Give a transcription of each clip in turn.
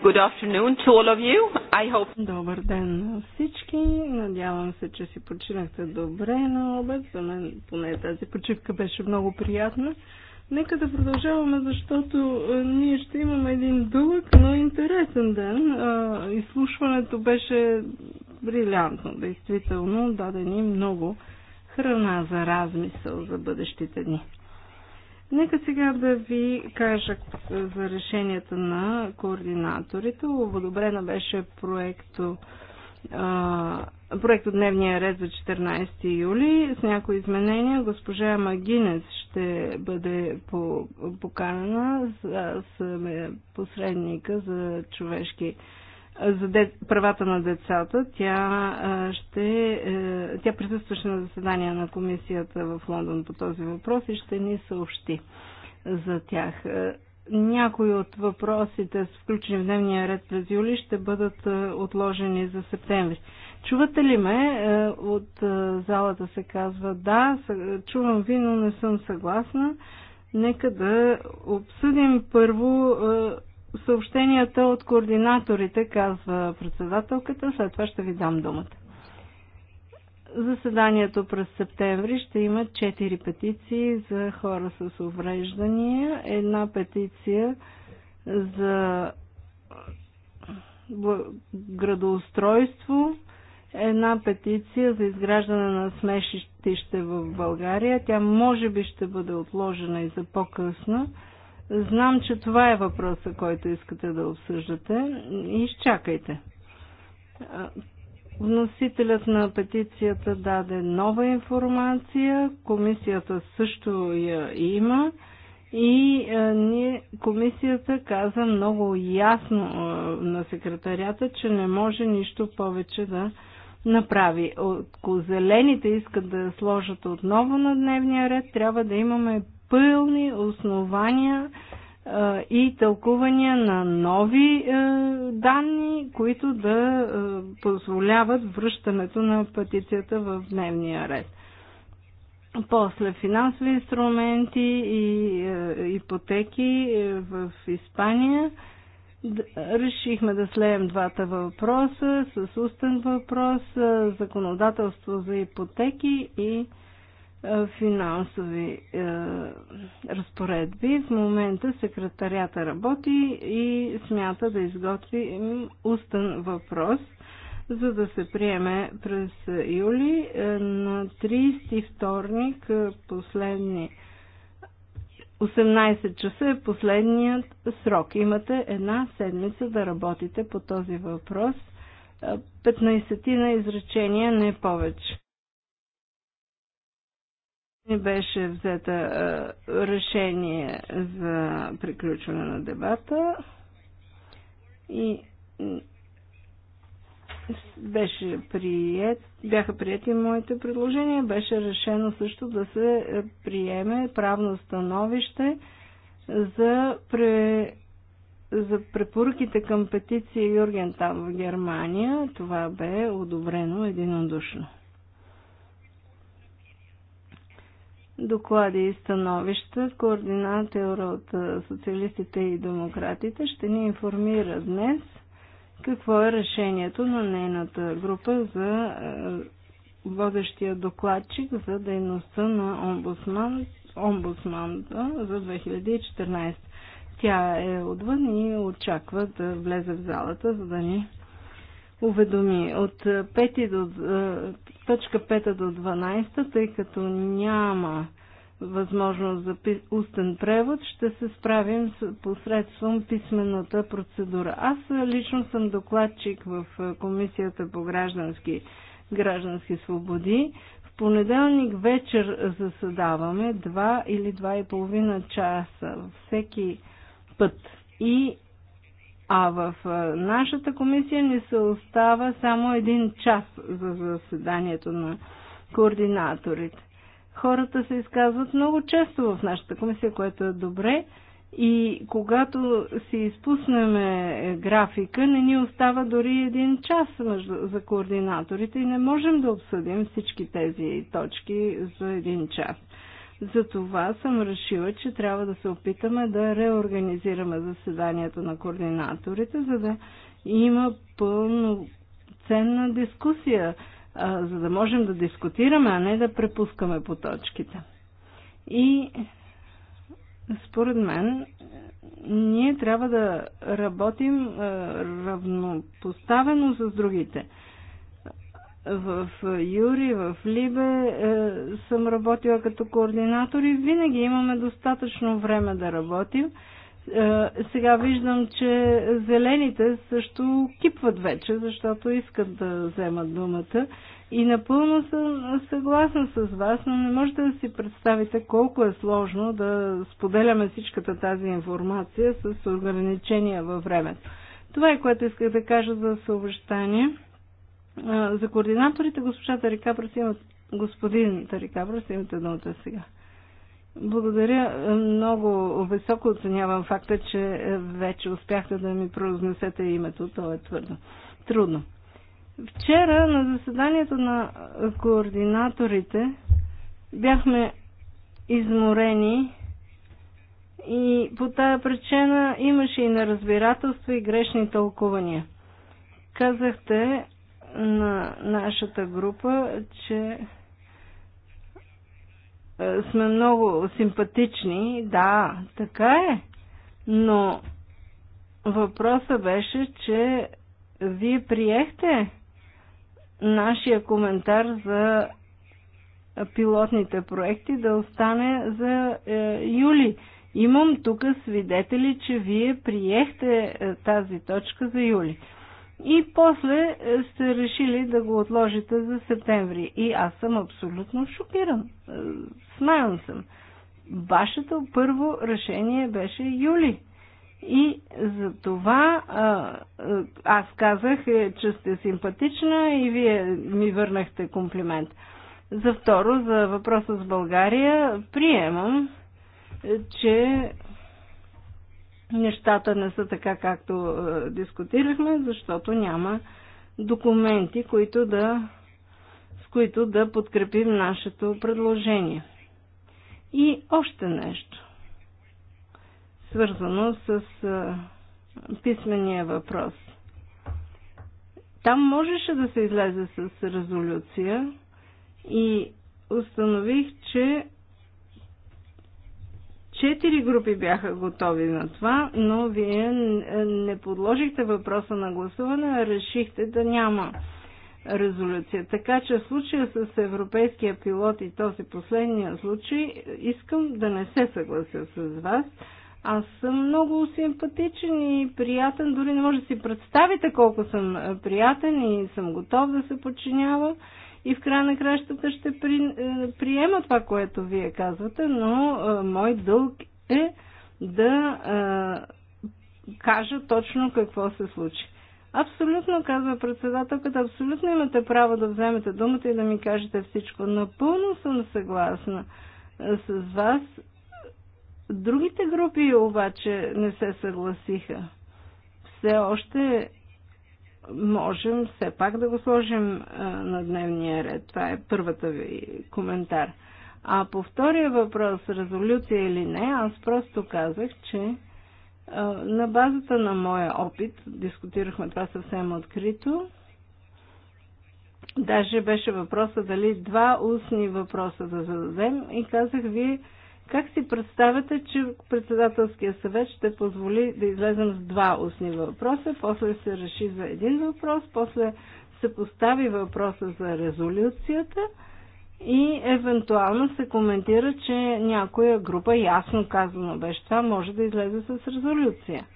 Good afternoon to all of you. I hope... Добър ден на всички. Надявам се, че си починахте добре на обед. За мен поне тази почивка беше много приятна. Нека да продължаваме, защото ние ще имаме един дълъг, но интересен ден. Изслушването беше брилянтно, действително. Даде ни много храна за размисъл за бъдещите дни. Нека сега да ви кажа е, за решенията на координаторите. Ободобрена беше проекто проект от дневния ред за 14 юли с някои изменения. Госпожа Магинес ще бъде поканена с е посредника за човешки за де, правата на децата. Тя, ще, е, тя присъстваше на заседание на комисията в Лондон по този въпрос и ще ни съобщи за тях. Е, някои от въпросите, включени в дневния ред през юли, ще бъдат е, отложени за септември. Чувате ли ме? От залата се казва да, чувам ви, но не съм съгласна. Нека да обсъдим първо съобщенията от координаторите, казва председателката. След това ще ви дам думата. Заседанието през септември ще има 4 петиции за хора с увреждания, една петиция за градоустройство, една петиция за изграждане на смешище в България. Тя може би ще бъде отложена и за по-късно. Знам, че това е въпроса, който искате да обсъждате. Изчакайте. Вносителят на петицията даде нова информация, комисията също я има и ние, комисията каза много ясно на секретарята, че не може нищо повече да направи. Ако зелените искат да я сложат отново на дневния ред, трябва да имаме пълни основания и тълкувания на нови е, данни, които да е, позволяват връщането на петицията в дневния ред. После финансови инструменти и е, ипотеки в Испания решихме да слеем двата въпроса с устен въпрос, законодателство за ипотеки и е, финансови е, разпоредби. В момента секретарята работи и смята да изготви устен въпрос, за да се приеме през юли е, на 30 вторник е, последни 18 часа е последният срок. Имате една седмица да работите по този въпрос. 15 е, на изречения, не повече не беше взета решение за приключване на дебата и беше прият, бяха прияти моите предложения. Беше решено също да се е, приеме правно становище за, пре, за препоръките към петиция Юрген там в Германия. Това бе одобрено единодушно. доклади и становища. Координатора от социалистите и демократите ще ни информира днес какво е решението на нейната група за водещия докладчик за дейността на омбудсман, омбудсмана за 2014. Тя е отвън и очаква да влезе в залата, за да ни уведоми. От 5 до точка 5 до 12, тъй като няма възможност за устен превод, ще се справим посредством писмената процедура. Аз лично съм докладчик в Комисията по граждански, граждански свободи. В понеделник вечер заседаваме 2 или 2,5 часа всеки път. И а в нашата комисия ни се остава само един час за заседанието на координаторите. Хората се изказват много често в нашата комисия, което е добре. И когато си изпуснем графика, не ни остава дори един час за координаторите и не можем да обсъдим всички тези точки за един час. Затова съм решила, че трябва да се опитаме да реорганизираме заседанията на координаторите, за да има пълноценна дискусия, за да можем да дискутираме, а не да препускаме по точките. И според мен ние трябва да работим равнопоставено с другите в Юри, в Либе е, съм работила като координатор и винаги имаме достатъчно време да работим. Е, сега виждам, че зелените също кипват вече, защото искат да вземат думата. И напълно съм съгласна с вас, но не можете да си представите колко е сложно да споделяме всичката тази информация с ограничения във времето. Това е което исках да кажа за съобщание. За координаторите, госпожа Тарикабрас, имат, господин Тарикабрас, имате думата сега. Благодаря. Е, много високо оценявам факта, че е, вече успяхте да ми произнесете името. То е твърдо. Трудно. Вчера на заседанието на координаторите бяхме изморени и по тая причина имаше и неразбирателство и грешни тълкувания. Казахте, на нашата група, че е, сме много симпатични. Да, така е. Но въпросът беше, че вие приехте нашия коментар за пилотните проекти да остане за е, юли. Имам тук свидетели, че вие приехте е, тази точка за юли и после е, сте решили да го отложите за септември. И аз съм абсолютно шокиран. Е, смаян съм. Вашето първо решение беше юли. И за това аз казах, е, че сте симпатична и вие ми върнахте комплимент. За второ, за въпроса с България, приемам, че нещата не са така, както е, дискутирахме, защото няма документи, които да, с които да подкрепим нашето предложение. И още нещо, свързано с е, писмения въпрос. Там можеше да се излезе с резолюция и установих, че Четири групи бяха готови на това, но вие не подложихте въпроса на гласуване, а решихте да няма резолюция. Така че в случая с европейския пилот и този последния случай, искам да не се съглася с вас. Аз съм много симпатичен и приятен, дори не може да си представите колко съм приятен и съм готов да се подчинявам и в края на кращата ще при, е, приема това, което вие казвате, но а, е, мой дълг е да а, е, кажа точно какво се случи. Абсолютно, казва председателката, абсолютно имате право да вземете думата и да ми кажете всичко. Напълно съм съгласна с вас. Другите групи обаче не се съгласиха. Все още можем все пак да го сложим на дневния ред. Това е първата ви коментар. А по втория въпрос, резолюция или не, аз просто казах, че на базата на моя опит, дискутирахме това съвсем открито, даже беше въпроса дали два устни въпроса да зададем и казах, вие как си представяте, че председателския съвет ще позволи да излезем с два устни въпроса, после се реши за един въпрос, после се постави въпроса за резолюцията и евентуално се коментира, че някоя група, ясно казано беше това, може да излезе с резолюция.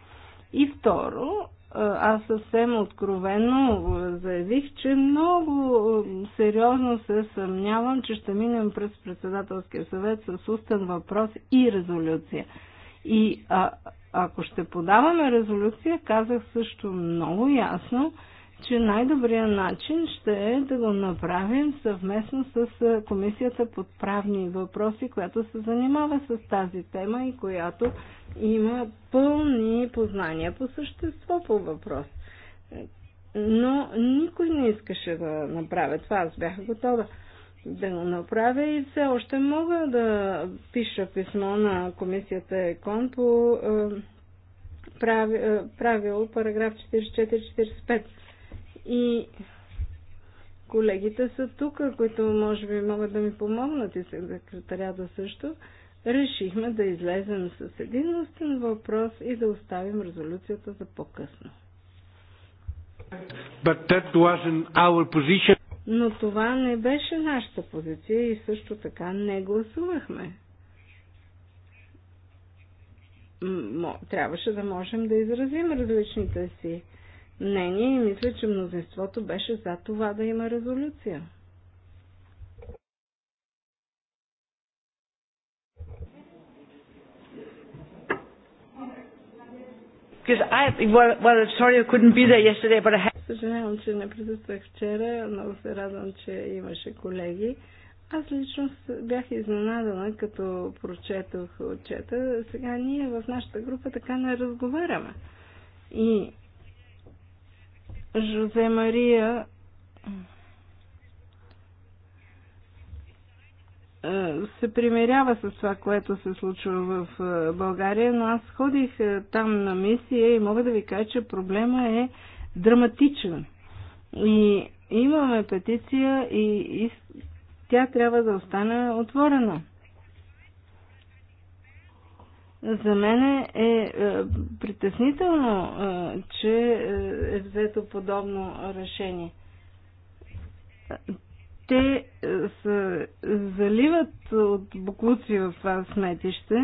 И второ, аз съвсем откровено заявих, че много сериозно се съмнявам, че ще минем през председателския съвет с устен въпрос и резолюция. И а, ако ще подаваме резолюция, казах също много ясно, че най-добрият начин ще е да го направим съвместно с Комисията под правни въпроси, която се занимава с тази тема и която има пълни познания по същество по въпрос. Но никой не искаше да направя това. Аз бях готова да го направя и все още мога да пиша писмо на комисията ЕКОН по правило параграф 44-45. И колегите са тук, които може би могат да ми помогнат и секретарята също. Решихме да излезем с един устен въпрос и да оставим резолюцията за по-късно. But that wasn't our position. Но това не беше нашата позиция и също така не гласувахме. Трябваше да можем да изразим различните си мнение и мисля, че мнозинството беше за това да има резолюция. Съжалявам, че не присъствах вчера. Много се радвам, че имаше колеги. Аз лично бях изненадана, като прочетох отчета. Сега ние в нашата група така не разговаряме. И Жозе Мария е, се примирява с това, което се случва в е, България, но аз ходих е, там на мисия и мога да ви кажа, че проблема е драматичен. И имаме петиция и, тя трябва да остане отворена. За мен е, е притеснително, е, че е, е взето подобно решение. Те се заливат от буклуци в това сметище.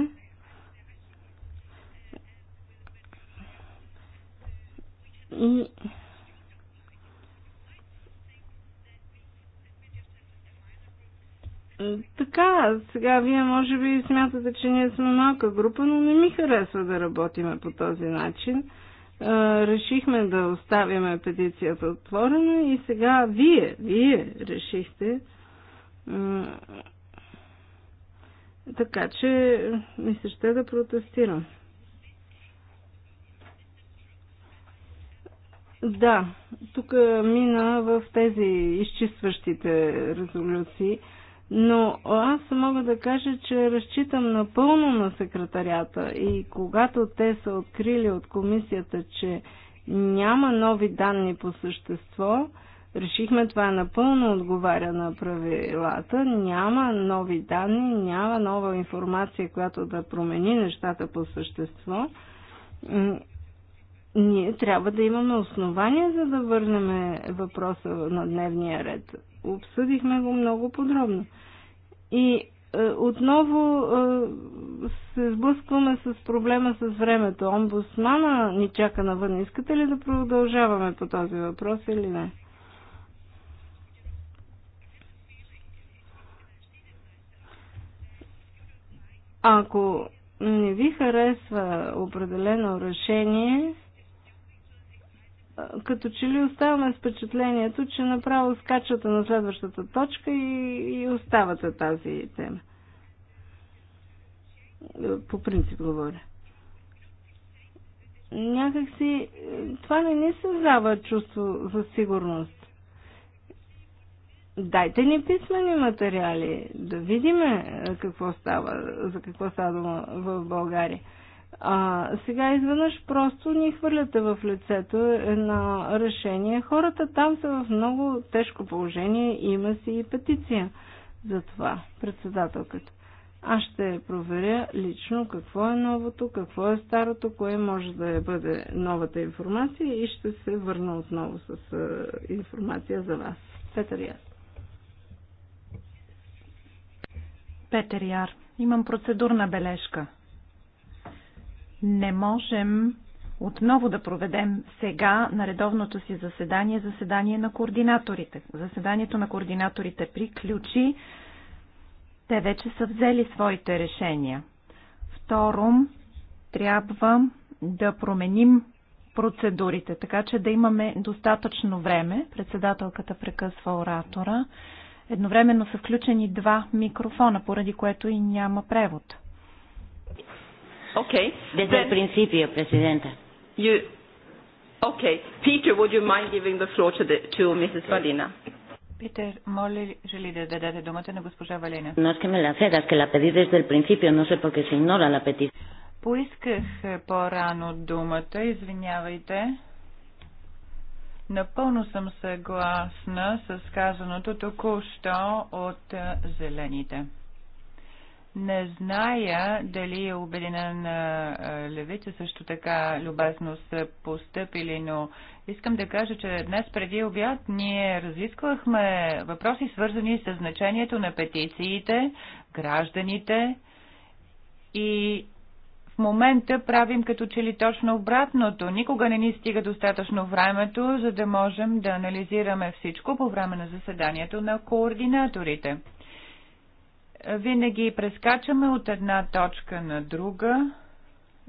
И Така, сега вие може би смятате, че ние сме малка група, но не ми харесва да работиме по този начин. Решихме да оставяме петицията отворена и сега вие, вие решихте. Така че ми се ще е да протестирам. Да, тук мина в тези изчистващите резолюции. Но аз мога да кажа, че разчитам напълно на секретарята и когато те са открили от комисията, че няма нови данни по същество, решихме това напълно отговаря на правилата, няма нови данни, няма нова информация, която да промени нещата по същество, ние трябва да имаме основания за да върнем въпроса на дневния ред обсъдихме го много подробно. И е, отново е, се сблъскваме с проблема с времето. омбусмана ни чака навън. Искате ли да продължаваме по този въпрос или не? Ако не ви харесва определено решение, като че ли оставаме с впечатлението, че направо скачате на следващата точка и, и оставате тази тема. По принцип говоря. Някак си това не ни създава чувство за сигурност. Дайте ни писмени материали, да видим какво става, за какво става дума в България. А сега изведнъж просто ни хвърляте в лицето на решение. Хората там са в много тежко положение и има си и петиция за това, председателката. Аз ще проверя лично какво е новото, какво е старото, кое може да е, бъде новата информация и ще се върна отново с информация за вас. Петър Яр. Петър Яр, имам процедурна бележка не можем отново да проведем сега на редовното си заседание, заседание на координаторите. Заседанието на координаторите приключи. Те вече са взели своите решения. Второ, трябва да променим процедурите, така че да имаме достатъчно време. Председателката прекъсва оратора. Едновременно са включени два микрофона, поради което и няма превод. Okay. Desde Then, el principio, Presidenta. You, okay. Peter, would you mind giving the floor to, the, to Mrs. Valina? Питер, моля ли да дадете думата на госпожа Valina? No es que me la cedas, que la pedí desde el principio, no sé por qué se ignora la petición. Поисках по-рано думата, извинявайте. Напълно съм съгласна с казаното току-що от зелените. Не зная дали е убедена на левица също така любезно са поступили, но искам да кажа, че днес преди обяд ние разисквахме въпроси свързани с значението на петициите, гражданите и в момента правим като че ли точно обратното. Никога не ни стига достатъчно времето, за да можем да анализираме всичко по време на заседанието на координаторите. Винаги прескачаме от една точка на друга.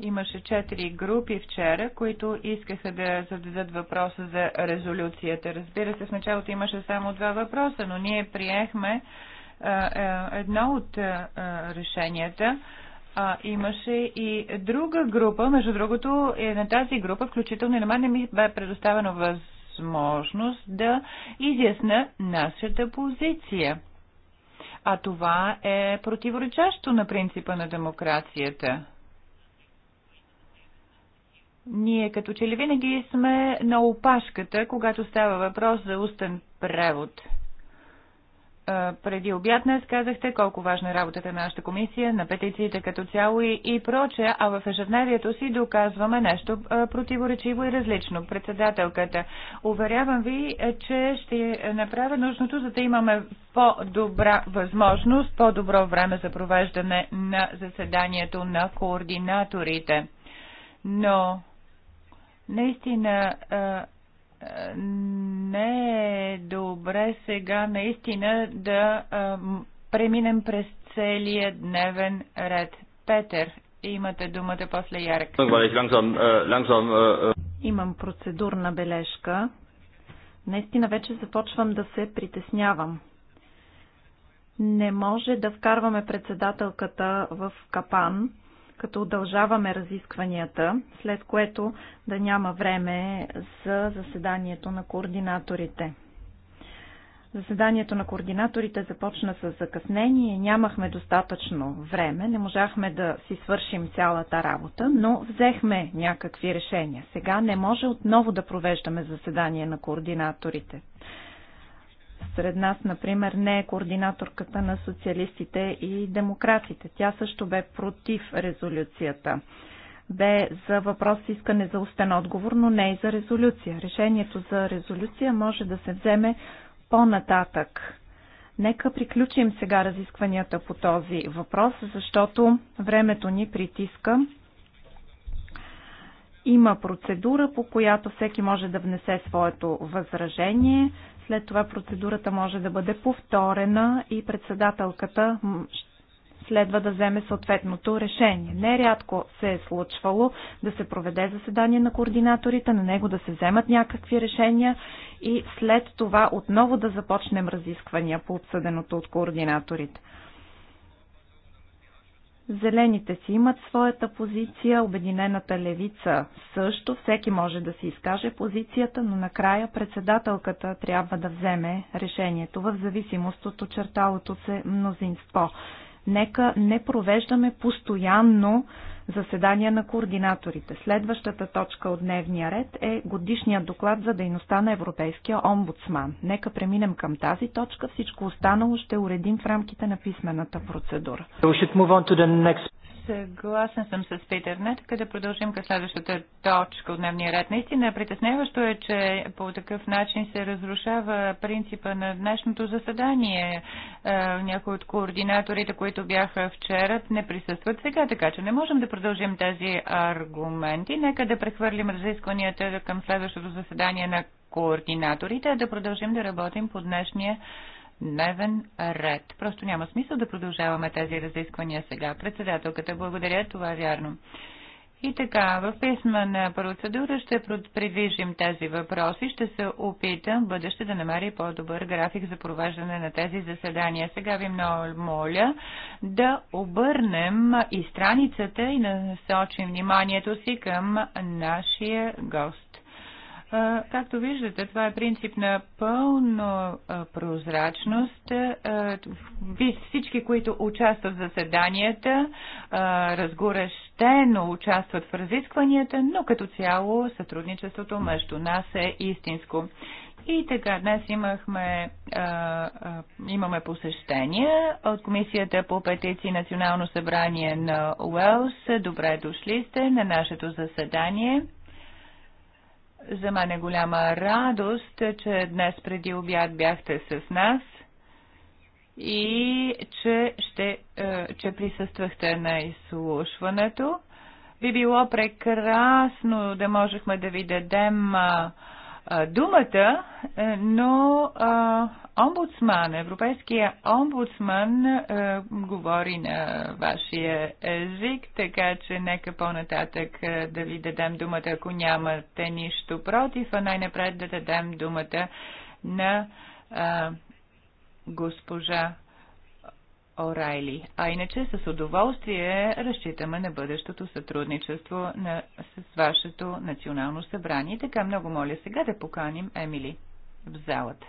Имаше четири групи вчера, които искаха да зададат въпроса за резолюцията. Разбира се, в началото имаше само два въпроса, но ние приехме едно от решенията. А, имаше и друга група, между другото, и е, на тази група, включително и на мен, не ми бе предоставена възможност да изясна нашата позиция. А това е противоречащо на принципа на демокрацията. Ние като че ли винаги сме на опашката, когато става въпрос за устен превод – преди обяд днес казахте колко важна е работата на нашата комисия, на петициите като цяло и, и проче, а в ежедневието си доказваме нещо противоречиво и различно. Председателката, уверявам ви, е, че ще направя нужното, за да имаме по-добра възможност, по-добро време за провеждане на заседанието на координаторите. Но, наистина, не е добре сега наистина да преминем през целия дневен ред. Петър, имате думата после Ярек. Имам процедурна бележка. Наистина вече започвам да се притеснявам. Не може да вкарваме председателката в капан като удължаваме разискванията, след което да няма време за заседанието на координаторите. Заседанието на координаторите започна с закъснение, нямахме достатъчно време, не можахме да си свършим цялата работа, но взехме някакви решения. Сега не може отново да провеждаме заседание на координаторите. Сред нас, например, не е координаторката на социалистите и демократите. Тя също бе против резолюцията. Бе за въпрос искане за устен отговор, но не и за резолюция. Решението за резолюция може да се вземе по-нататък. Нека приключим сега разискванията по този въпрос, защото времето ни притиска. Има процедура, по която всеки може да внесе своето възражение. След това процедурата може да бъде повторена и председателката следва да вземе съответното решение. Нерядко се е случвало да се проведе заседание на координаторите, на него да се вземат някакви решения и след това отново да започнем разисквания по обсъденото от координаторите. Зелените си имат своята позиция, Обединената левица също, всеки може да си изкаже позицията, но накрая председателката трябва да вземе решението в зависимост от очерталото се мнозинство. Нека не провеждаме постоянно заседания на координаторите. Следващата точка от дневния ред е годишният доклад за дейността на Европейския омбудсман. Нека преминем към тази точка. Всичко останало ще уредим в рамките на писмената процедура. Съгласен съм с Питер. Не, така да продължим към следващата точка от дневния ред. Наистина е притесняващо е, че по такъв начин се разрушава принципа на днешното заседание. Е, някои от координаторите, които бяха вчера, не присъстват сега, така че не можем да продължим тези аргументи. Нека да прехвърлим разискванията към следващото заседание на координаторите, а да продължим да работим по днешния дневен ред. Просто няма смисъл да продължаваме тези разисквания сега. Председателката, благодаря, това е вярно. И така, в писма на процедура ще придвижим тези въпроси. Ще се опитам в бъдеще да намери по-добър график за провеждане на тези заседания. Сега ви много моля да обърнем и страницата и насочим вниманието си към нашия гост. Както виждате, това е принцип на пълна прозрачност. Всички, които участват в заседанията, разгорещено участват в разискванията, но като цяло сътрудничеството между нас е истинско. И така, днес имахме, а, а, имаме посещение от Комисията по петиции Национално събрание на Уелс. Добре дошли сте на нашето заседание. За мен е голяма радост, че днес преди обяд бяхте с нас и че, ще, е, че присъствахте на изслушването. Би било прекрасно да можехме да ви дадем думата, е, но омбудсман, европейския омбудсман е, говори на вашия език, така че нека по-нататък е, да ви дадем думата, ако нямате нищо против, а най-напред да дадем думата на госпожа Орайли. А иначе с удоволствие разчитаме на бъдещото сътрудничество на, с вашето национално събрание. Така много моля сега да поканим Емили в залата.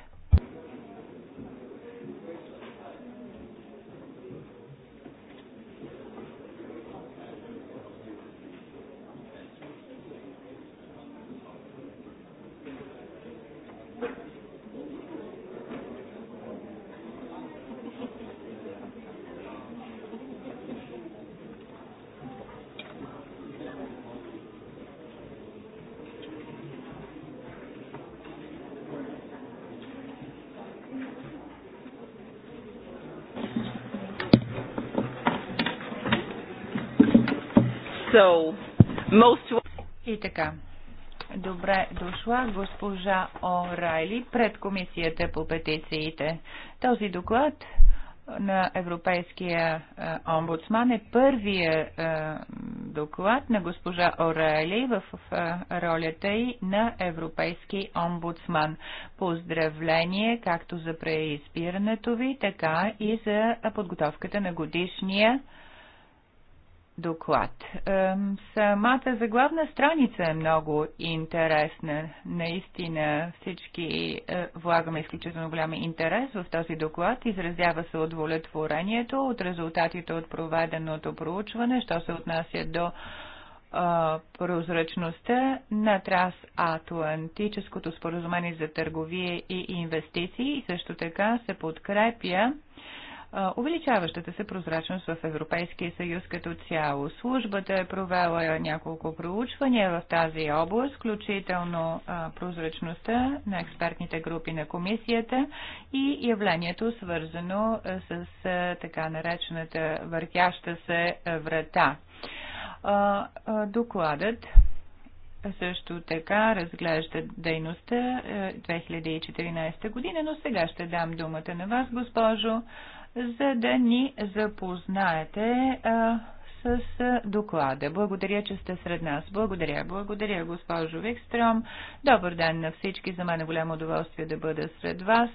So, most... И така. Добре дошла госпожа Орайли пред комисията по петициите. Този доклад на Европейския омбудсман е първия доклад на госпожа Орайли в ролята й на Европейски омбудсман. Поздравление както за преизбирането ви, така и за подготовката на годишния доклад. Самата заглавна страница е много интересна. Наистина всички е, влагаме изключително голям интерес в този доклад. Изразява се удовлетворението от резултатите от проведеното проучване, що се отнася до е, прозрачността на трансатлантическото споразумение за търговие и инвестиции. И също така се подкрепя увеличаващата се прозрачност в Европейския съюз като цяло. Службата е провела няколко проучвания в тази област, включително прозрачността на експертните групи на комисията и явлението свързано с така наречената въртяща се врата. Докладът също така разглежда дейността 2014 година, но сега ще дам думата на вас, госпожо за да ни запознаете а, с доклада. Благодаря, че сте сред нас. Благодаря, благодаря, госпожо Викстром. Добър ден на всички. За мен е голямо удоволствие да бъда сред вас.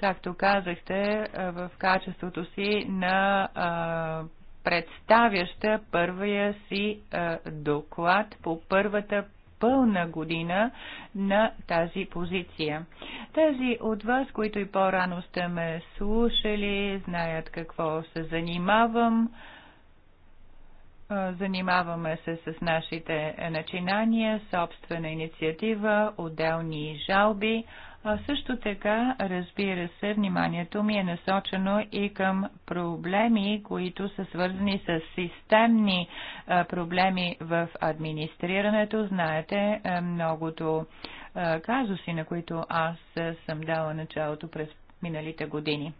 Както казахте, в качеството си на а, представяща първия си а, доклад по първата пълна година на тази позиция. Тези от вас, които и по-рано сте ме слушали, знаят какво се занимавам. Занимаваме се с нашите начинания, собствена инициатива, отделни жалби, а също така, разбира се, вниманието ми е насочено и към проблеми, които са свързани с системни проблеми в администрирането. Знаете многото казуси, на които аз съм дала началото през миналите години.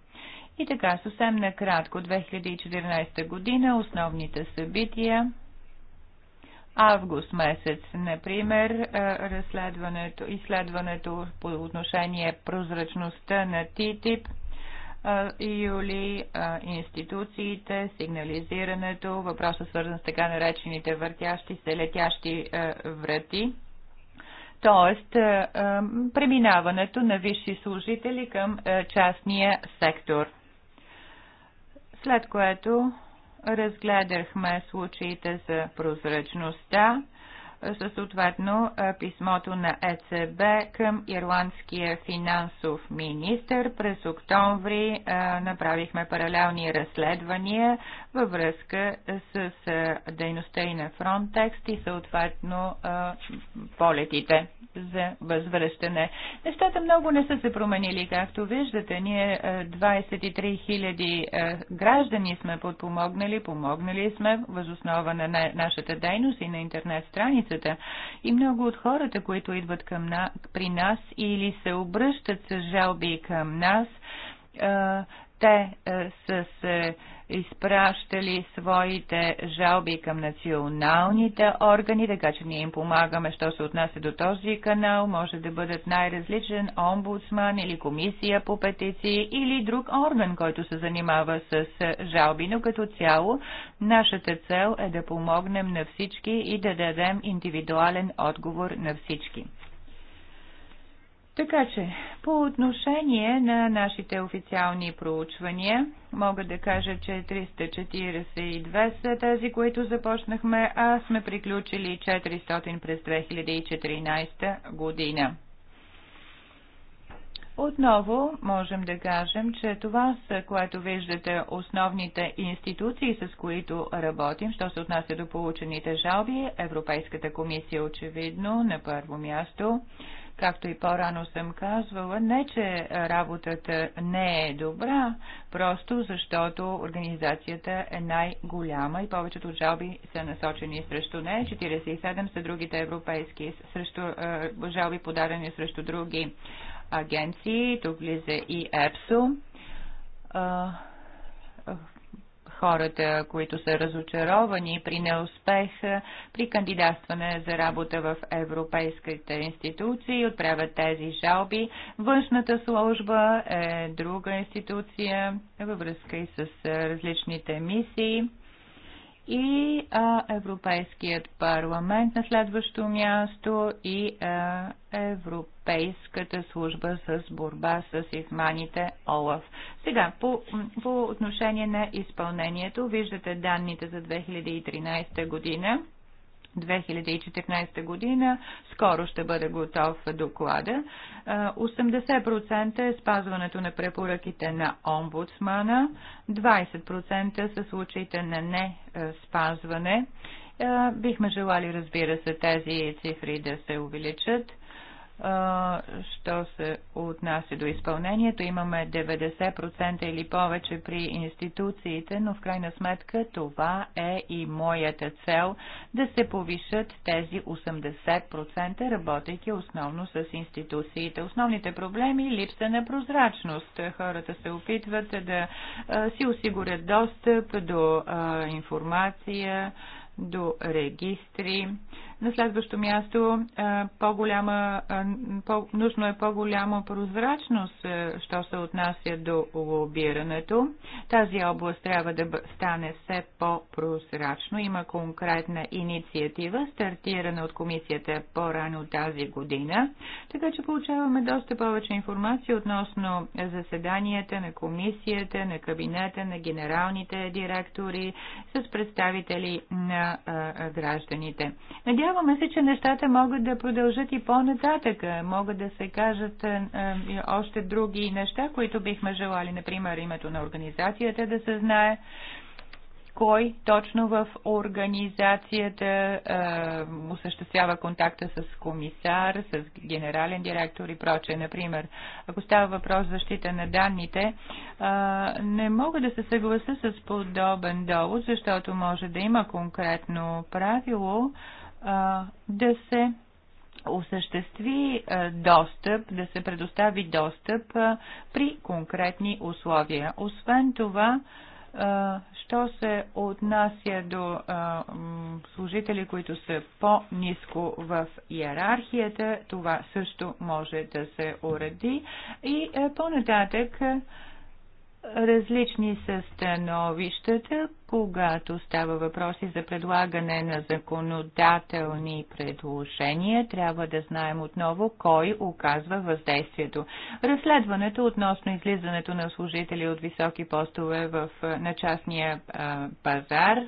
И така, съвсем накратко, 2014 година, основните събития – август месец, например, е, разследването, изследването по отношение прозрачността на ТИТИП, е, юли е, институциите, сигнализирането, въпроса свързан с така наречените въртящи се летящи врати, т.е. преминаването на висши служители към частния сектор. След което разгледахме случаите за прозрачността съответно писмото на ЕЦБ към ирландския финансов министр. През октомври направихме паралелни разследвания във връзка с дейността и на Frontex и съответно полетите за възвръщане. Нещата много не са се променили, както виждате. Ние 23 000 граждани сме подпомогнали, помогнали сме възоснова на нашата дейност и на интернет страница работата. И много от хората, които идват към на, при нас или се обръщат с жалби към нас, те с е, изпращали своите жалби към националните органи, така че ние им помагаме, що се отнася до този канал. Може да бъдат най-различен омбудсман или комисия по петиции или друг орган, който се занимава с жалби. Но като цяло нашата цел е да помогнем на всички и да дадем индивидуален отговор на всички. Така че, по отношение на нашите официални проучвания, мога да кажа, че 342 са тези, които започнахме, а сме приключили 400 през 2014 година. Отново можем да кажем, че това са, което виждате, основните институции, с които работим, що се отнася до получените жалби, Европейската комисия очевидно на първо място, Както и по-рано съм казвала, не че работата не е добра, просто защото организацията е най-голяма и повечето жалби са насочени срещу нея. 47 са другите европейски срещу, е, жалби подадени срещу други агенции. Тук влиза и ЕПСО. Е, хората, които са разочаровани при неуспех при кандидатстване за работа в европейските институции, отправят тези жалби. Външната служба е друга институция във връзка и с различните мисии и а, Европейският парламент на следващо място и а, Европейската служба с борба с изманите ОЛАФ. Сега, по, по отношение на изпълнението, виждате данните за 2013 година. 2014 година. Скоро ще бъде готов доклада. 80% е спазването на препоръките на омбудсмана, 20% са случаите на не спазване. Бихме желали, разбира се, тези цифри да се увеличат що се отнася до изпълнението. Имаме 90% или повече при институциите, но в крайна сметка това е и моята цел да се повишат тези 80%, работейки основно с институциите. Основните проблеми – липса на прозрачност. Хората се опитват да си осигурят достъп до информация, до регистри, на следващо място, е, по-голяма, е, по, нужно е по-голяма прозрачност, е, що се отнася до лобирането. Тази област трябва да стане все по-прозрачно. Има конкретна инициатива, стартирана от комисията по-рано тази година, така че получаваме доста повече информация относно заседанията на комисията, на кабинета, на генералните директори с представители на гражданите. Надявам Надяваме се, че нещата могат да продължат и по-нататъка. Могат да се кажат е, е още други неща, които бихме желали, например, името на организацията да се знае кой точно в организацията е, осъществява контакта с комисар, с генерален директор и прочее. Например, ако става въпрос защита на данните, е, не мога да се съглася с подобен довод, защото може да има конкретно правило, да се осъществи достъп, да се предостави достъп при конкретни условия. Освен това, що се отнася до служители, които са по-низко в иерархията, това също може да се уреди. И по-нататък Различни са становищата, когато става въпроси за предлагане на законодателни предложения, трябва да знаем отново кой оказва въздействието. Разследването относно излизането на служители от високи постове в, на частния а, пазар,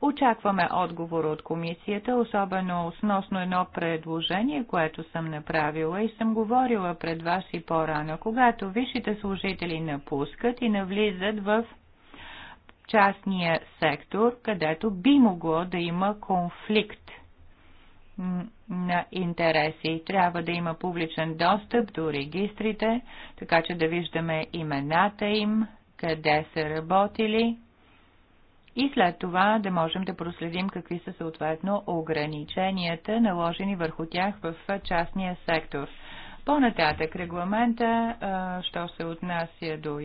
Очакваме отговор от комисията, особено относно едно предложение, което съм направила и съм говорила пред вас и по-рано. Когато висшите служители напускат и навлизат в частния сектор, където би могло да има конфликт на интереси. Трябва да има публичен достъп до регистрите, така че да виждаме имената им, къде са работили и след това да можем да проследим какви са съответно ограниченията, наложени върху тях в частния сектор. По-нататък регламента, що се отнася до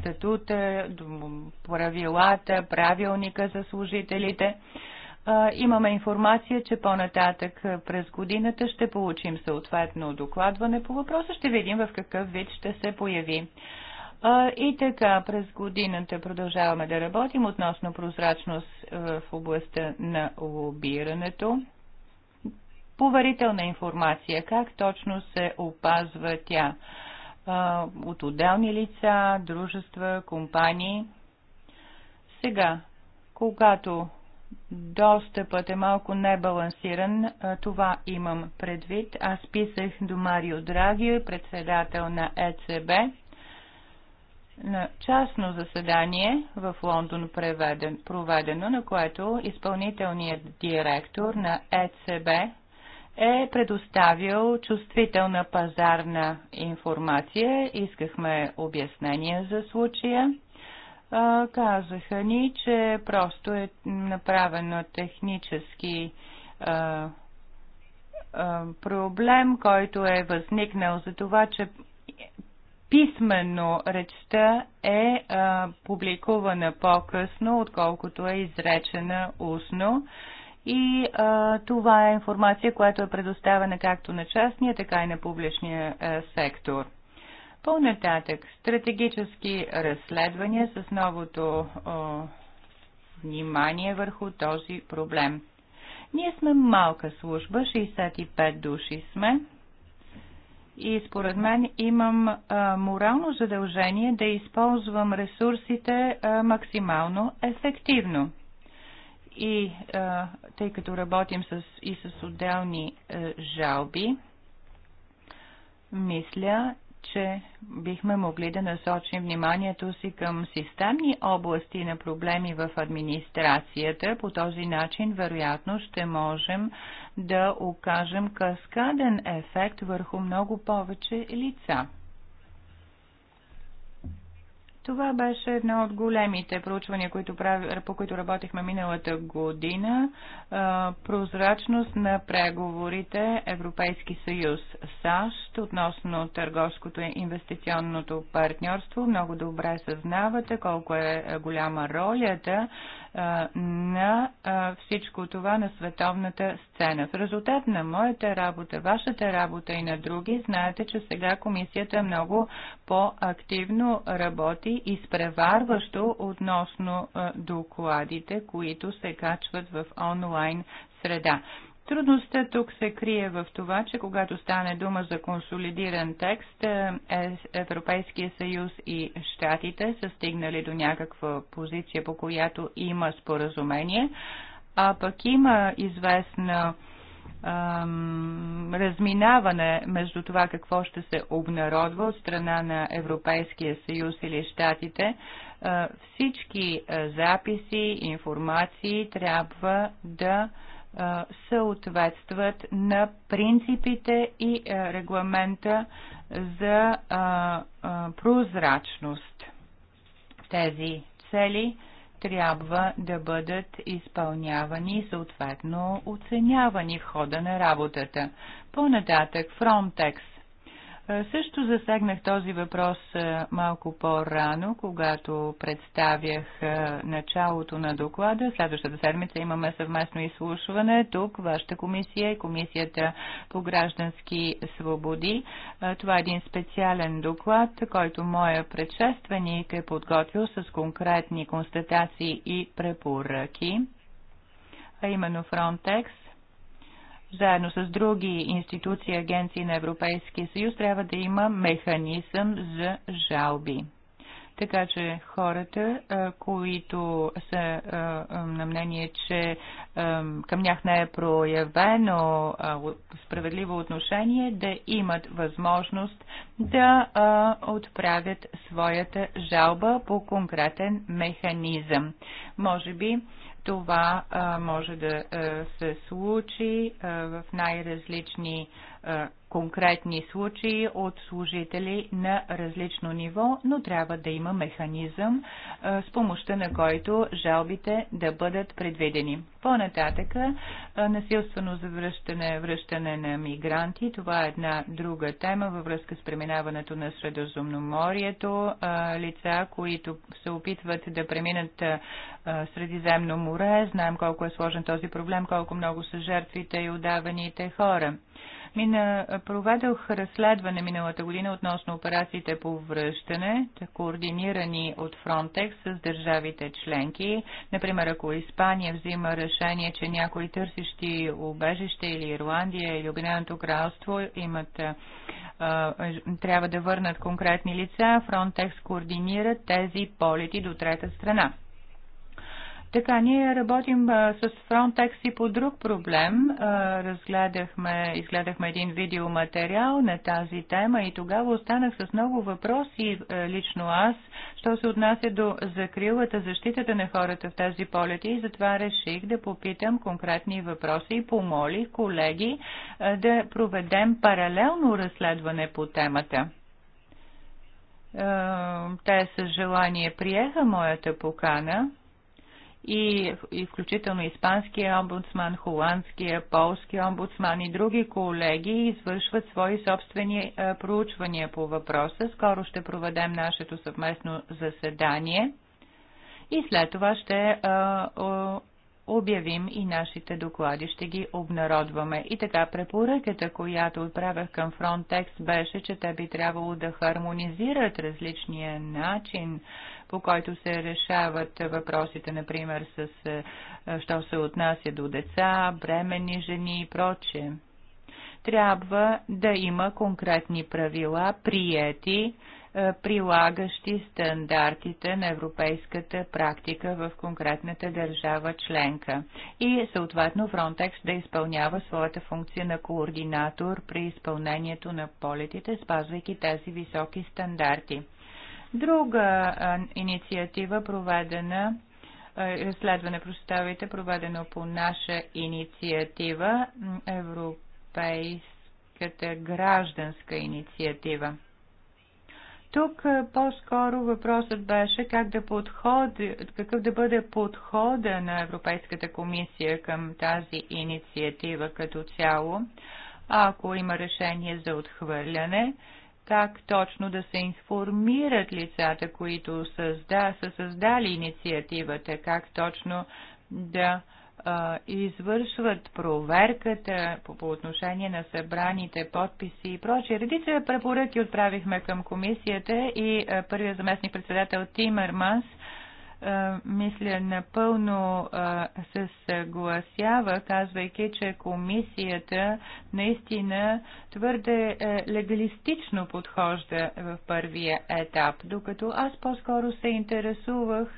статута, до правилата, правилника за служителите, имаме информация, че по-нататък през годината ще получим съответно докладване по въпроса, ще видим в какъв вид ще се появи. И така, през годината продължаваме да работим относно прозрачност е, в областта на лобирането. Поверителна информация, как точно се опазва тя е, от отделни лица, дружества, компании. Сега, когато достъпът е малко небалансиран, е, това имам предвид. Аз писах до Марио Драги, председател на ЕЦБ на частно заседание в Лондон проведено, на което изпълнителният директор на ЕЦБ е предоставил чувствителна пазарна информация. Искахме обяснение за случая. Казаха ни, че просто е направено технически проблем, който е възникнал за това, че писменно речта е а, публикувана по-късно, отколкото е изречена устно. И а, това е информация, която е предоставена както на частния, така и на публичния а, сектор. По-нататък, стратегически разследвания с новото а, внимание върху този проблем. Ние сме малка служба, 65 души сме и според мен имам а, морално задължение да използвам ресурсите а, максимално ефективно. И а, тъй като работим с, и с отделни а, е, жалби, мисля, че бихме могли да насочим вниманието си към системни области на проблеми в администрацията. По този начин, вероятно, ще можем да окажем каскаден ефект върху много повече лица. Това беше едно от големите проучвания, които прави, по които работихме миналата година. Прозрачност на преговорите Европейски съюз САЩ относно търговското и инвестиционното партньорство. Много добре съзнавате колко е голяма ролята на всичко това на световната сцена. В резултат на моята работа, вашата работа и на други, знаете, че сега комисията много по-активно работи и спреварващо относно докладите, които се качват в онлайн среда. Трудността тук се крие в това, че когато стане дума за консолидиран текст, е, Европейския съюз и щатите са стигнали до някаква позиция, по която има споразумение, а пък има известна разминаване между това какво ще се обнародва от страна на Европейския съюз или щатите, е, всички е, записи, информации трябва да съответстват на принципите и регламента за прозрачност. Тези цели трябва да бъдат изпълнявани и съответно оценявани в хода на работата. По-нататък Frontex – е, също засегнах този въпрос е, малко по-рано, когато представях е, началото на доклада. Следващата седмица имаме съвместно изслушване тук, вашата комисия и комисията по граждански свободи. Това е един специален доклад, който моя предшественик е подготвил с конкретни констатации и препоръки, а именно Frontex – заедно с други институции и агенции на Европейския съюз, трябва да има механизъм за жалби. Така че хората, които са на мнение, че към тях не е проявено справедливо отношение, да имат възможност да отправят своята жалба по конкретен механизъм. Може би това а, може да а, се случи а, в най-различни конкретни случаи от служители на различно ниво, но трябва да има механизъм, с помощта на който жалбите да бъдат предвидени. По-нататъка насилствено завръщане, връщане на мигранти. Това е една друга тема във връзка с преминаването на Средоземноморието. Лица, които се опитват да преминат Средиземно море, знаем колко е сложен този проблем, колко много са жертвите и удаваните хора. Мина, проведох разследване миналата година относно операциите по връщане, координирани от Frontex с държавите членки. Например, ако Испания взима решение, че някои търсещи убежище или Ирландия или Обединеното кралство имат трябва да върнат конкретни лица, Frontex координира тези полети до трета страна. Така, ние работим а, с Frontex и по друг проблем. А, разгледахме, изгледахме един видеоматериал на тази тема и тогава останах с много въпроси а, лично аз, що се отнася до закрилата, защитата на хората в тези полети и затова реших да попитам конкретни въпроси и помолих колеги а, да проведем паралелно разследване по темата те с желание приеха моята покана и, и включително испанския омбудсман, холандския, полския омбудсман и други колеги извършват свои собствени а, е, проучвания по въпроса. Скоро ще проведем нашето съвместно заседание и след това ще а, е, а, обявим и нашите доклади, ще ги обнародваме. И така препоръката, която отправях към Frontex беше, че те би трябвало да хармонизират различния начин, по който се решават въпросите, например, с е, е, що се отнася до деца, бремени жени и прочее. Трябва да има конкретни правила, приети, е, прилагащи стандартите на европейската практика в конкретната държава членка и съответно Frontex да изпълнява своята функция на координатор при изпълнението на полетите, спазвайки тези високи стандарти. Друга инициатива, проведена разследване, проставите, проведено по наша инициатива, Европейската гражданска инициатива. Тук по-скоро въпросът беше как да подходи, какъв да бъде подхода на Европейската комисия към тази инициатива като цяло, ако има решение за отхвърляне, как точно да се информират лицата, които създа, са създали инициативата, как точно да а, извършват проверката по, отношение на събраните подписи и прочие. Редица препоръки отправихме към комисията и първият заместник председател Манс, мисля, напълно се съгласява, казвайки, че комисията наистина твърде е, легалистично подхожда в първия етап, докато аз по-скоро се интересувах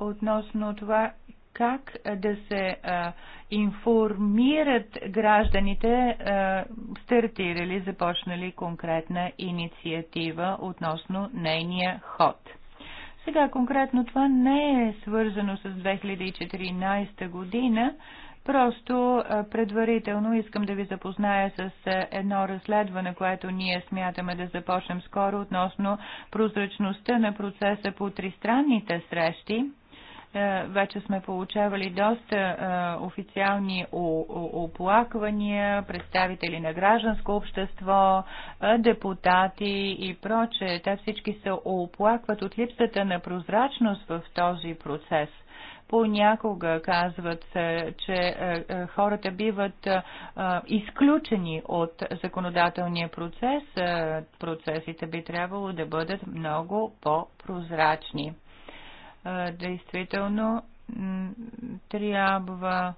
относно това как да се а, информират гражданите, а, стартирали, започнали конкретна инициатива относно нейния ход. Сега конкретно това не е свързано с 2014 година, Просто предварително искам да ви запозная с едно разследване, което ние смятаме да започнем скоро относно прозрачността на процеса по тристранните срещи е, вече сме получавали доста е, официални оплаквания, представители на гражданско общество, е, депутати и проче. Те всички се оплакват от липсата на прозрачност в този процес. Понякога казват се, че хората биват изключени от законодателния процес. Процесите би трябвало да бъдат много по-прозрачни действително трябва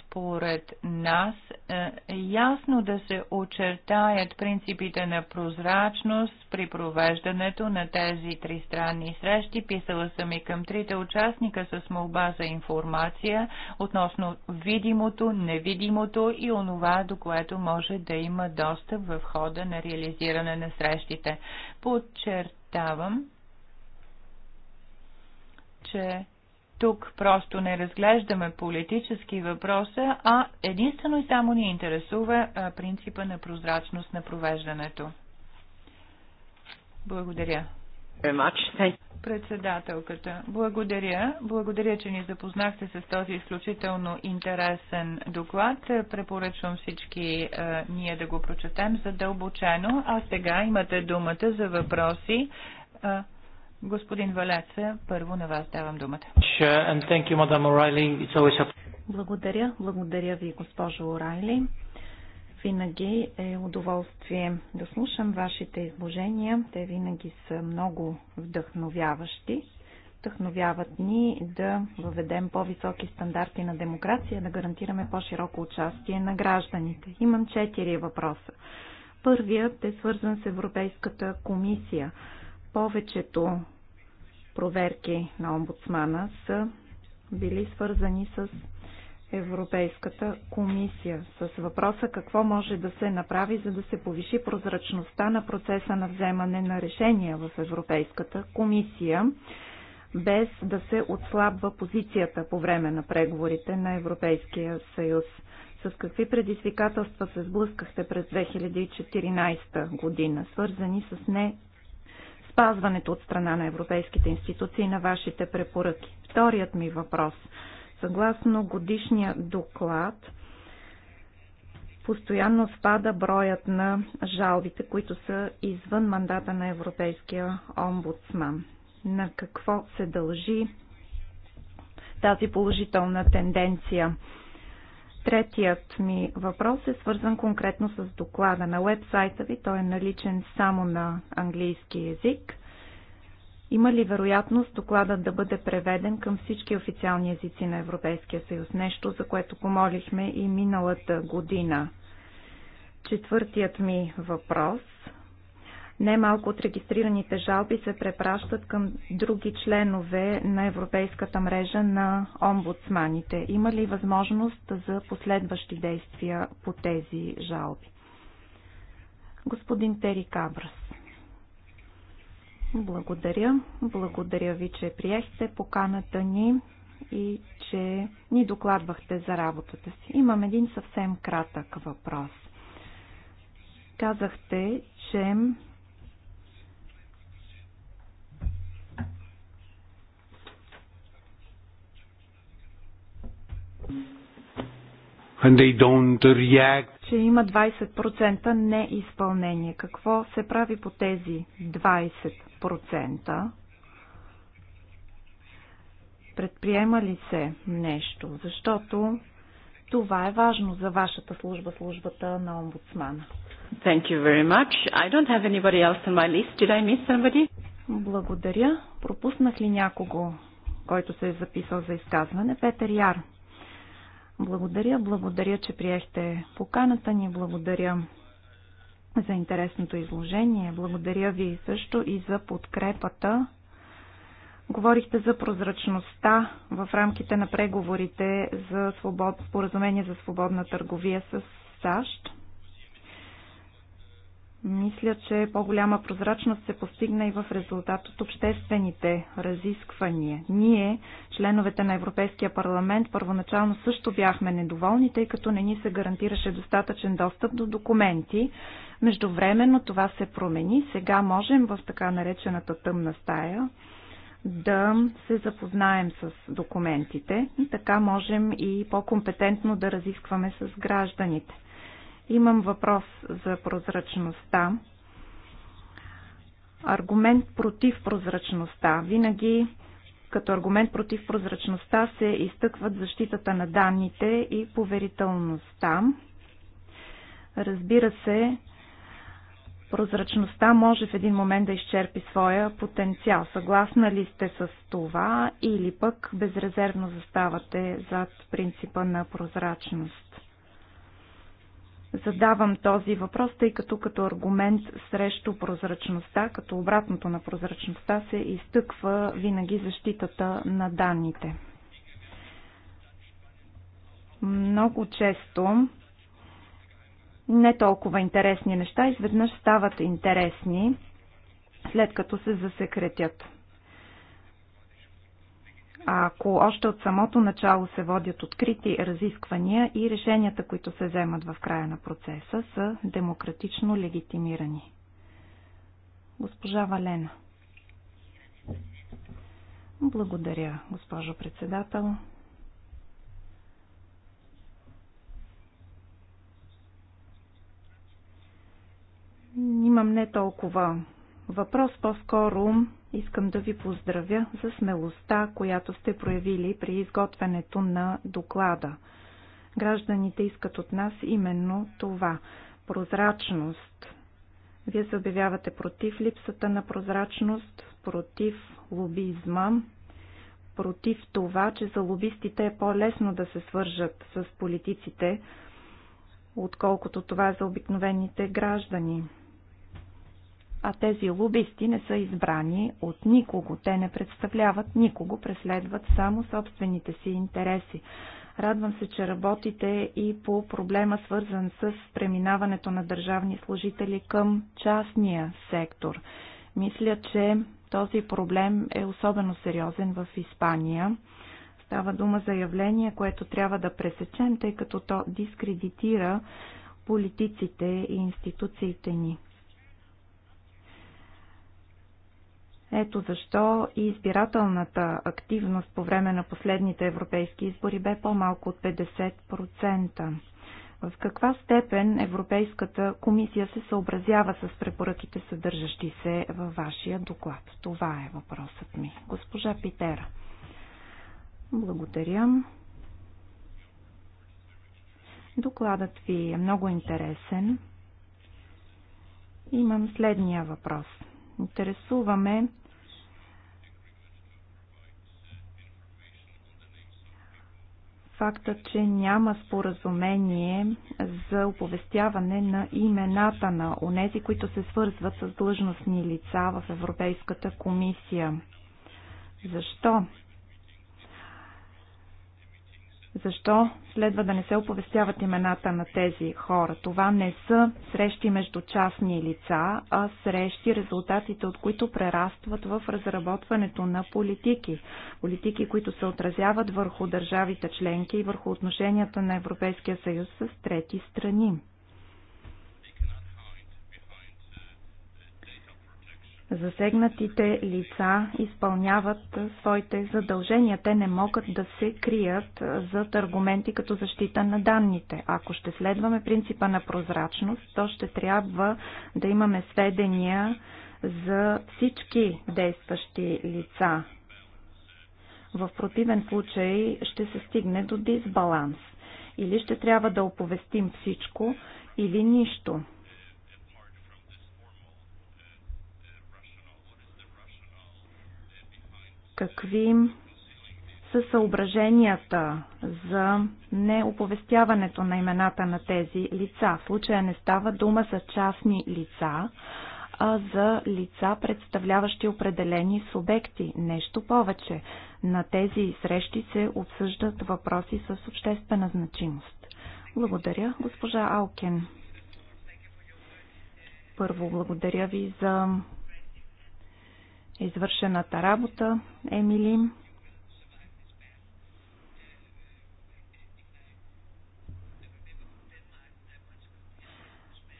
според нас е, ясно да се очертаят принципите на прозрачност при провеждането на тези тристранни срещи. Писала съм и към трите участника с молба за информация относно видимото, невидимото и онова, до което може да има достъп в хода на реализиране на срещите. Подчертавам, че тук просто не разглеждаме политически въпроса, а единствено и само ни интересува принципа на прозрачност на провеждането. Благодаря. Председателката, благодаря. Благодаря, че ни запознахте с този изключително интересен доклад. Препоръчвам всички е, ние да го прочетем задълбочено. А сега имате думата за въпроси. Е, Господин Валяца, първо на вас давам думата. Благодаря. Благодаря ви, госпожо Орайли. Винаги е удоволствие да слушам вашите изложения. Те винаги са много вдъхновяващи. Вдъхновяват ни да въведем по-високи стандарти на демокрация, да гарантираме по-широко участие на гражданите. Имам четири въпроса. Първият е свързан с Европейската комисия повечето проверки на омбудсмана са били свързани с Европейската комисия с въпроса какво може да се направи, за да се повиши прозрачността на процеса на вземане на решения в Европейската комисия, без да се отслабва позицията по време на преговорите на Европейския съюз. С какви предизвикателства се сблъскахте през 2014 година, свързани с не спазването от страна на европейските институции на вашите препоръки? Вторият ми въпрос. Съгласно годишния доклад, постоянно спада броят на жалбите, които са извън мандата на Европейския омбудсман. На какво се дължи тази положителна тенденция? Третият ми въпрос е свързан конкретно с доклада на вебсайта ви. Той е наличен само на английски язик. Има ли вероятност докладът да бъде преведен към всички официални езици на Европейския съюз? Нещо, за което помолихме и миналата година. Четвъртият ми въпрос – Немалко от регистрираните жалби се препращат към други членове на Европейската мрежа на омбудсманите. Има ли възможност за последващи действия по тези жалби? Господин Тери Кабрас. Благодаря. Благодаря ви, че приехте поканата ни и че ни докладвахте за работата си. Имам един съвсем кратък въпрос. Казахте, че and they don't react. Че има 20% неизпълнение. Какво се прави по тези 20%? Предприема ли се нещо? Защото това е важно за вашата служба, службата на омбудсмана. Thank you very much. I don't have anybody else on my list. Did I miss somebody? Благодаря. Пропуснах ли някого, който се е записал за изказване? Петър Яр. Благодаря, благодаря, че приехте поканата ни, благодаря за интересното изложение, благодаря ви също и за подкрепата. Говорихте за прозрачността в рамките на преговорите за свобод, споразумение за свободна търговия с САЩ. Мисля, че по-голяма прозрачност се постигна и в резултат от обществените разисквания. Ние, членовете на Европейския парламент, първоначално също бяхме недоволни, тъй като не ни се гарантираше достатъчен достъп до документи. Междувременно това се промени. Сега можем в така наречената тъмна стая да се запознаем с документите и така можем и по-компетентно да разискваме с гражданите. Имам въпрос за прозрачността. Аргумент против прозрачността. Винаги като аргумент против прозрачността се изтъкват защитата на данните и поверителността. Разбира се, прозрачността може в един момент да изчерпи своя потенциал. Съгласна ли сте с това или пък безрезервно заставате зад принципа на прозрачност? Задавам този въпрос, тъй като като аргумент срещу прозрачността, като обратното на прозрачността се изтъква винаги защитата на данните. Много често не толкова интересни неща изведнъж стават интересни, след като се засекретят ако още от самото начало се водят открити разисквания и решенията, които се вземат в края на процеса, са демократично легитимирани. Госпожа Валена. Благодаря, госпожо председател. Имам не толкова въпрос, по-скоро Искам да ви поздравя за смелостта, която сте проявили при изготвянето на доклада. Гражданите искат от нас именно това – прозрачност. Вие се обявявате против липсата на прозрачност, против лобизма, против това, че за лобистите е по-лесно да се свържат с политиците, отколкото това е за обикновените граждани а тези лобисти не са избрани от никого. Те не представляват никого, преследват само собствените си интереси. Радвам се, че работите и по проблема свързан с преминаването на държавни служители към частния сектор. Мисля, че този проблем е особено сериозен в Испания. Става дума за явление, което трябва да пресечем, тъй като то дискредитира политиците и институциите ни. Ето защо и избирателната активност по време на последните европейски избори бе по-малко от 50%. В каква степен Европейската комисия се съобразява с препоръките, съдържащи се във вашия доклад? Това е въпросът ми. Госпожа Питера. Благодаря. Докладът ви е много интересен. Имам следния въпрос. Интересуваме факта, че няма споразумение за оповестяване на имената на онези, които се свързват с длъжностни лица в Европейската комисия. Защо? Защо следва да не се оповестяват имената на тези хора? Това не са срещи между частни лица, а срещи, резултатите от които прерастват в разработването на политики. Политики, които се отразяват върху държавите членки и върху отношенията на Европейския съюз с трети страни. Засегнатите лица изпълняват своите задължения. Те не могат да се крият зад аргументи като защита на данните. Ако ще следваме принципа на прозрачност, то ще трябва да имаме сведения за всички действащи лица. В противен случай ще се стигне до дисбаланс. Или ще трябва да оповестим всичко, или нищо. какви са съображенията за неоповестяването на имената на тези лица. В случая не става дума за частни лица, а за лица, представляващи определени субекти. Нещо повече. На тези срещи се обсъждат въпроси с обществена значимост. Благодаря, госпожа Алкен. Първо, благодаря ви за извършената работа, Емили.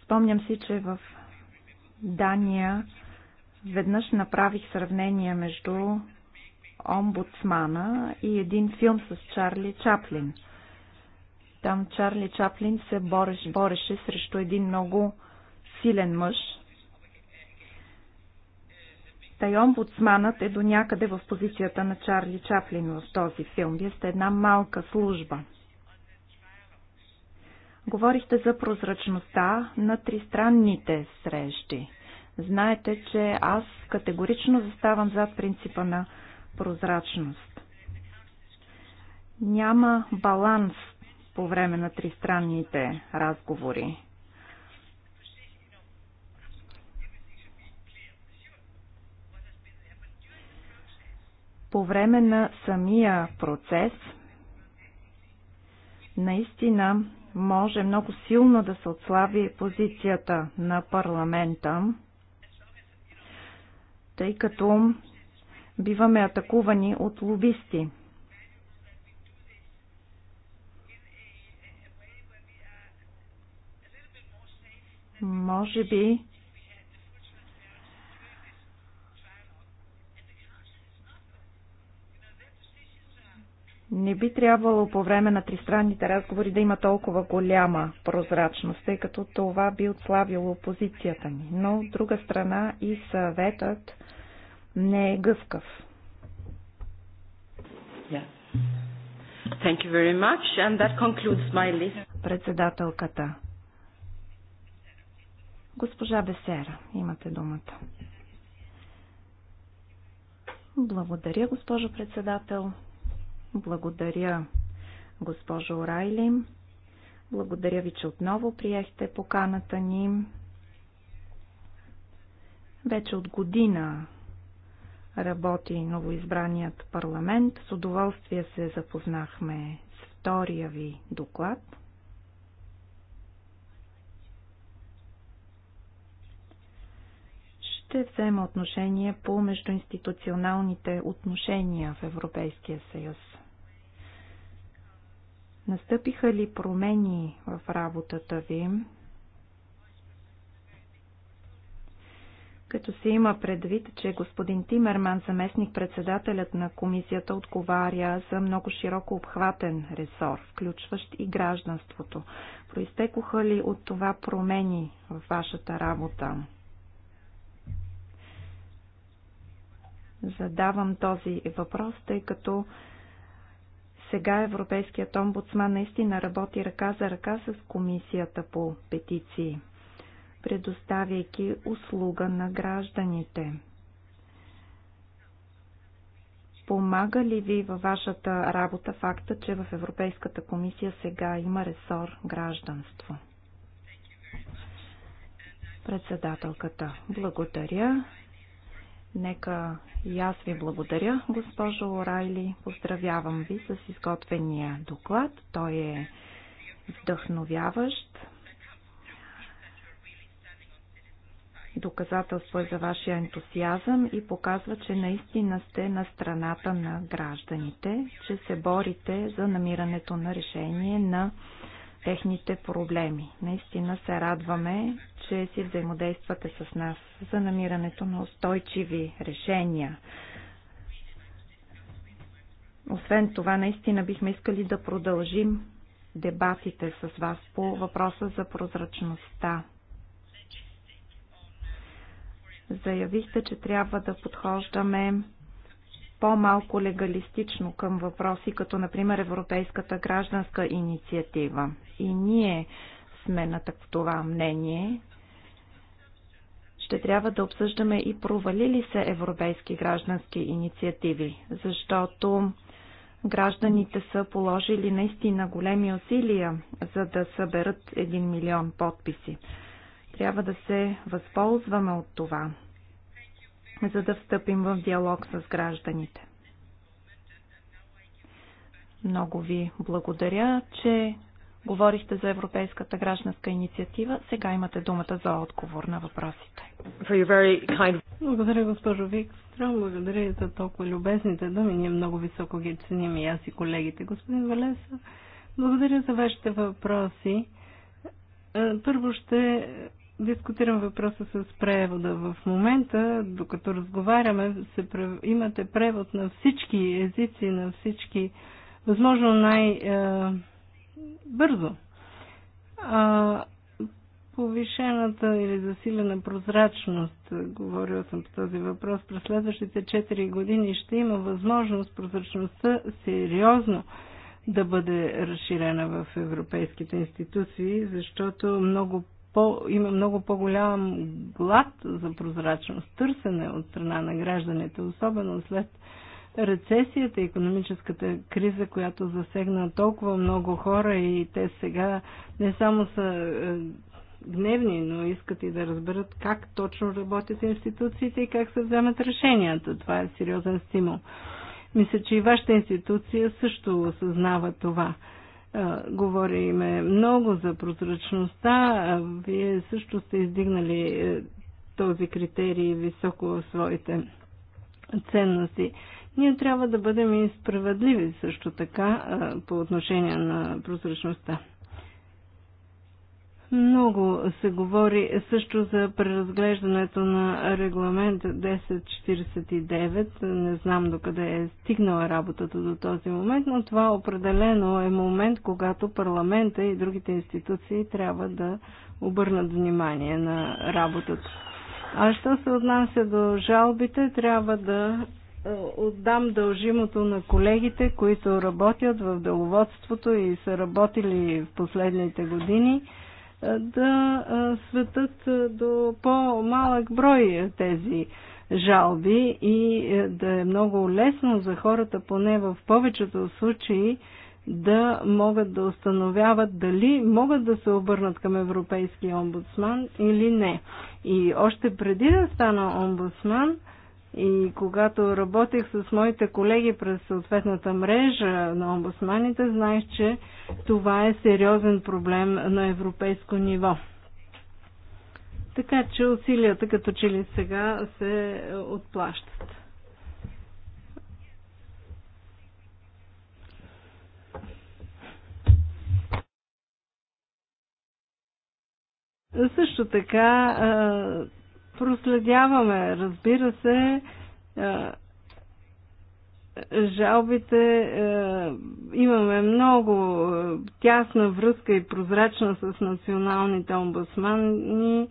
Спомням си, че в Дания веднъж направих сравнение между омбудсмана и един филм с Чарли Чаплин. Там Чарли Чаплин се бореше, бореше срещу един много силен мъж, и омбудсманът е до някъде в позицията на Чарли Чаплин в този филм. Вие сте една малка служба. Говорихте за прозрачността на тристранните срещи. Знаете, че аз категорично заставам зад принципа на прозрачност. Няма баланс по време на тристранните разговори. по време на самия процес наистина може много силно да се отслаби позицията на парламента, тъй като биваме атакувани от лобисти. Може би Не би трябвало по време на тристранните разговори да има толкова голяма прозрачност, тъй като това би отслабило опозицията ни. Но от друга страна и съветът не е гъвкав. Yeah. Thank you very much. And that concludes my list. Председателката. Госпожа Бесера, имате думата. Благодаря, госпожо председател. Благодаря, госпожо Райли. Благодаря ви, че отново приехте поканата ни. Вече от година работи новоизбраният парламент. С удоволствие се запознахме с втория ви доклад. ще взема отношение по междуинституционалните отношения в Европейския съюз. Настъпиха ли промени в работата ви? Като се има предвид, че господин Тимерман, заместник-председателят на комисията, отговаря за много широко обхватен ресор, включващ и гражданството. Проистекоха ли от това промени в вашата работа? Задавам този въпрос, тъй като сега Европейският омбудсман наистина работи ръка за ръка с комисията по петиции, предоставяйки услуга на гражданите. Помага ли ви във вашата работа факта, че в Европейската комисия сега има ресор гражданство? Председателката, благодаря. Нека и аз ви благодаря, госпожо Орайли. Поздравявам ви с изготвения доклад. Той е вдъхновяващ. Доказателство е за вашия ентусиазъм и показва, че наистина сте на страната на гражданите, че се борите за намирането на решение на техните проблеми. Наистина се радваме, че си взаимодействате с нас за намирането на устойчиви решения. Освен това, наистина бихме искали да продължим дебатите с вас по въпроса за прозрачността. Заявихте, че трябва да подхождаме по-малко легалистично към въпроси, като например Европейската гражданска инициатива и ние сме на това мнение. Ще трябва да обсъждаме и провалили се европейски граждански инициативи, защото гражданите са положили наистина големи усилия, за да съберат 1 милион подписи. Трябва да се възползваме от това, за да встъпим в диалог с гражданите. Много ви благодаря, че Говорихте за Европейската гражданска инициатива. Сега имате думата за отговор на въпросите. Kind... Благодаря, госпожо Викстрам. Благодаря и за толкова любезните думи. Ние много високо ги ценим и аз и колегите. Господин Валеса, благодаря за вашите въпроси. Е, първо ще дискутирам въпроса с превода. В момента, докато разговаряме, се, имате превод на всички езици, на всички, възможно най- е, бързо. А, повишената или засилена прозрачност, говорил съм по този въпрос, през следващите 4 години ще има възможност прозрачността сериозно да бъде разширена в европейските институции, защото много по, има много по-голям глад за прозрачност, търсене от страна на гражданите, особено след рецесията, економическата криза, която засегна толкова много хора и те сега не само са е, гневни, но искат и да разберат как точно работят институциите и как се вземат решенията. Това е сериозен стимул. Мисля, че и вашата институция също осъзнава това. Е, говориме много за прозрачността. Вие също сте издигнали е, този критерий високо в своите ценности. Ние трябва да бъдем и справедливи също така по отношение на прозрачността. Много се говори също за преразглеждането на регламент 1049. Не знам докъде е стигнала работата до този момент, но това определено е момент, когато парламента и другите институции трябва да обърнат внимание на работата. А що се отнася до жалбите, трябва да отдам дължимото на колегите, които работят в деловодството и са работили в последните години, да светат до по-малък брой тези жалби и е, да е много лесно за хората, поне в повечето случаи, да могат да установяват дали могат да се обърнат към Европейския омбудсман или не. И още преди да стана омбудсман, и когато работех с моите колеги през съответната мрежа на омбусманите, знаех, че това е сериозен проблем на европейско ниво. Така че усилията като че ли сега се отплащат. Също така проследяваме, разбира се, е, жалбите е, имаме много е, тясна връзка и прозрачна с националните омбудсмани.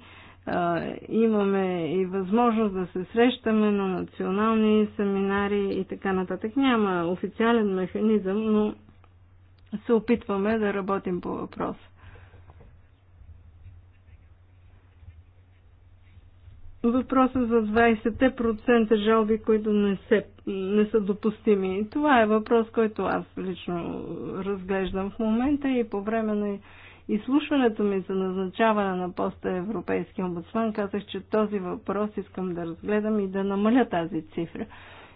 Имаме и възможност да се срещаме на национални семинари и така нататък. Няма официален механизъм, но се опитваме да работим по въпроса. въпроса за 20% жалби, които не, се, не са допустими. Това е въпрос, който аз лично разглеждам в момента и по време на изслушването ми за назначаване на поста Европейски омбудсман казах, че този въпрос искам да разгледам и да намаля тази цифра.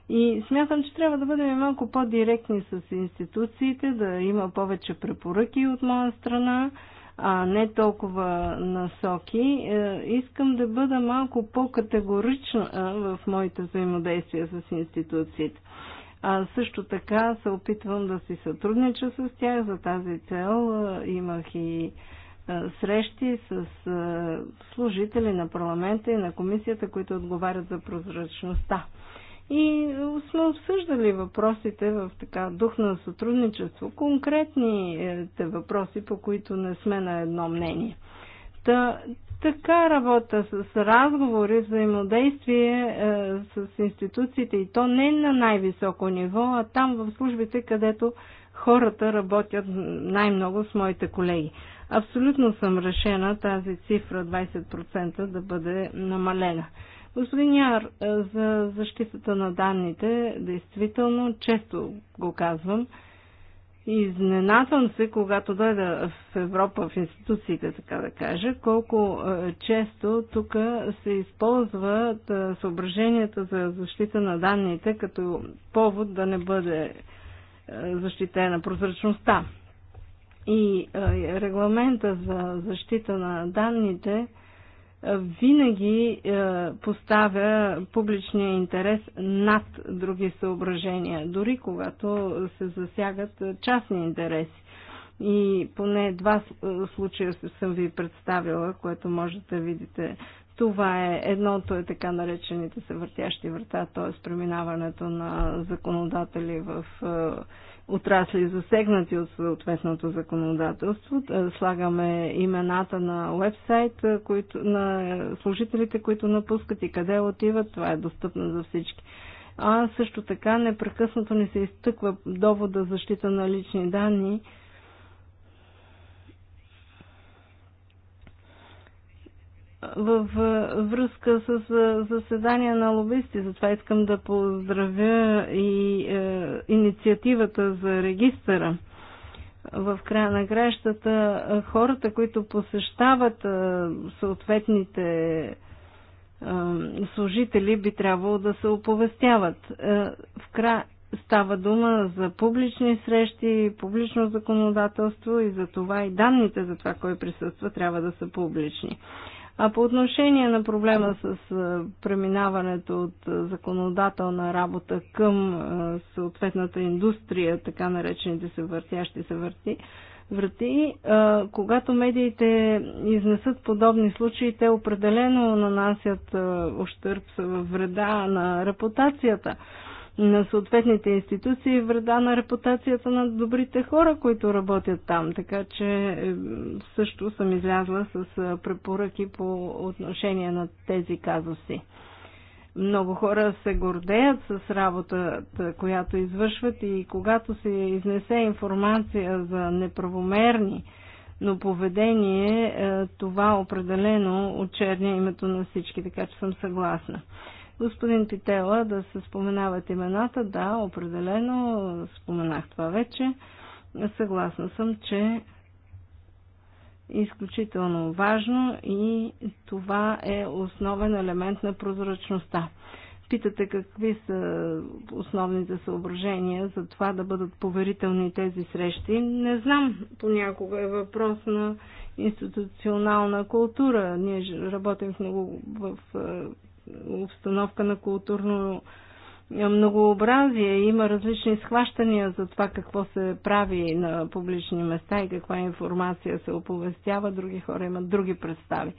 И смятам, че трябва да бъдем малко по-директни с институциите, да има повече препоръки от моя страна а не толкова насоки, е, искам да бъда малко по-категорична в моите взаимодействия с институциите. А също така се опитвам да си сътруднича с тях. За тази цел е, имах и е, срещи с служители на парламента и на комисията, които отговарят за прозрачността и е, сме обсъждали въпросите в така дух на сътрудничество, конкретните е, въпроси, по които не сме на едно мнение. Та, така работа с разговори, взаимодействие е, с институциите и то не на най-високо ниво, а там в службите, където хората работят най-много с моите колеги. Абсолютно съм решена тази цифра 20% да бъде намалена. Господин Яр, е, за защитата на данните, действително, често го казвам, изненадвам се, когато дойда в Европа, в институциите, така да кажа, колко е, често тук се използват е, съображенията за защита на данните като повод да не бъде защитена прозрачността. И регламента за защита на данните – винаги е, поставя публичния интерес над други съображения, дори когато се засягат частни интереси. И поне два е, случая съм ви представила, което можете да видите. Това е едното е така наречените съвъртящи врата, т.е. преминаването на законодатели в е, отрасли засегнати от съответното законодателство. Е, слагаме имената на вебсайт, е, които, на служителите, които напускат и къде отиват. Това е достъпно за всички. А също така непрекъснато ни се изтъква довода защита на лични данни, в връзка с заседания на лобисти. Затова искам да поздравя и е, инициативата за регистъра. В края на кращата е, хората, които посещават е, съответните е, служители, би трябвало да се оповестяват. Е, в края става дума за публични срещи, публично законодателство и за това и данните за това, кой присъства, трябва да са публични. А по отношение на проблема с преминаването от законодателна работа към съответната индустрия, така наречените се въртящи се върти, врати, когато медиите изнесат подобни случаи, те определено нанасят ощърп вреда на репутацията на съответните институции, вреда на репутацията на добрите хора, които работят там. Така че е, също съм излязла с е, препоръки по отношение на тези казуси. Много хора се гордеят с работата, която извършват и когато се изнесе информация за неправомерни но поведение, е, това определено очерня името на всички, така че съм съгласна. Господин Питела, да се споменават имената, да, определено споменах това вече. Съгласна съм, че е изключително важно и това е основен елемент на прозрачността. Питате какви са основните съображения за това да бъдат поверителни тези срещи. Не знам, понякога е въпрос на институционална култура. Ние работим в много в обстановка на културно многообразие. Има различни схващания за това какво се прави на публични места и каква информация се оповестява. Други хора имат други представи.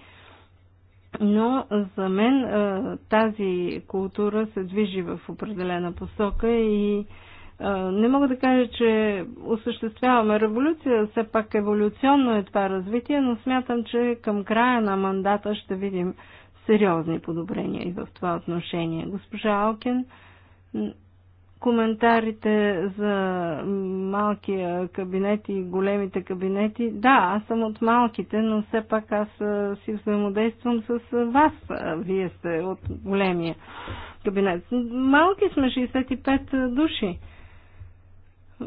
Но за мен тази култура се движи в определена посока и не мога да кажа, че осъществяваме революция, все пак еволюционно е това развитие, но смятам, че към края на мандата ще видим сериозни подобрения и в това отношение. Госпожа Алкен, коментарите за малкия кабинет и големите кабинети. Да, аз съм от малките, но все пак аз си взаимодействам с вас. Вие сте от големия кабинет. Малки сме 65 души.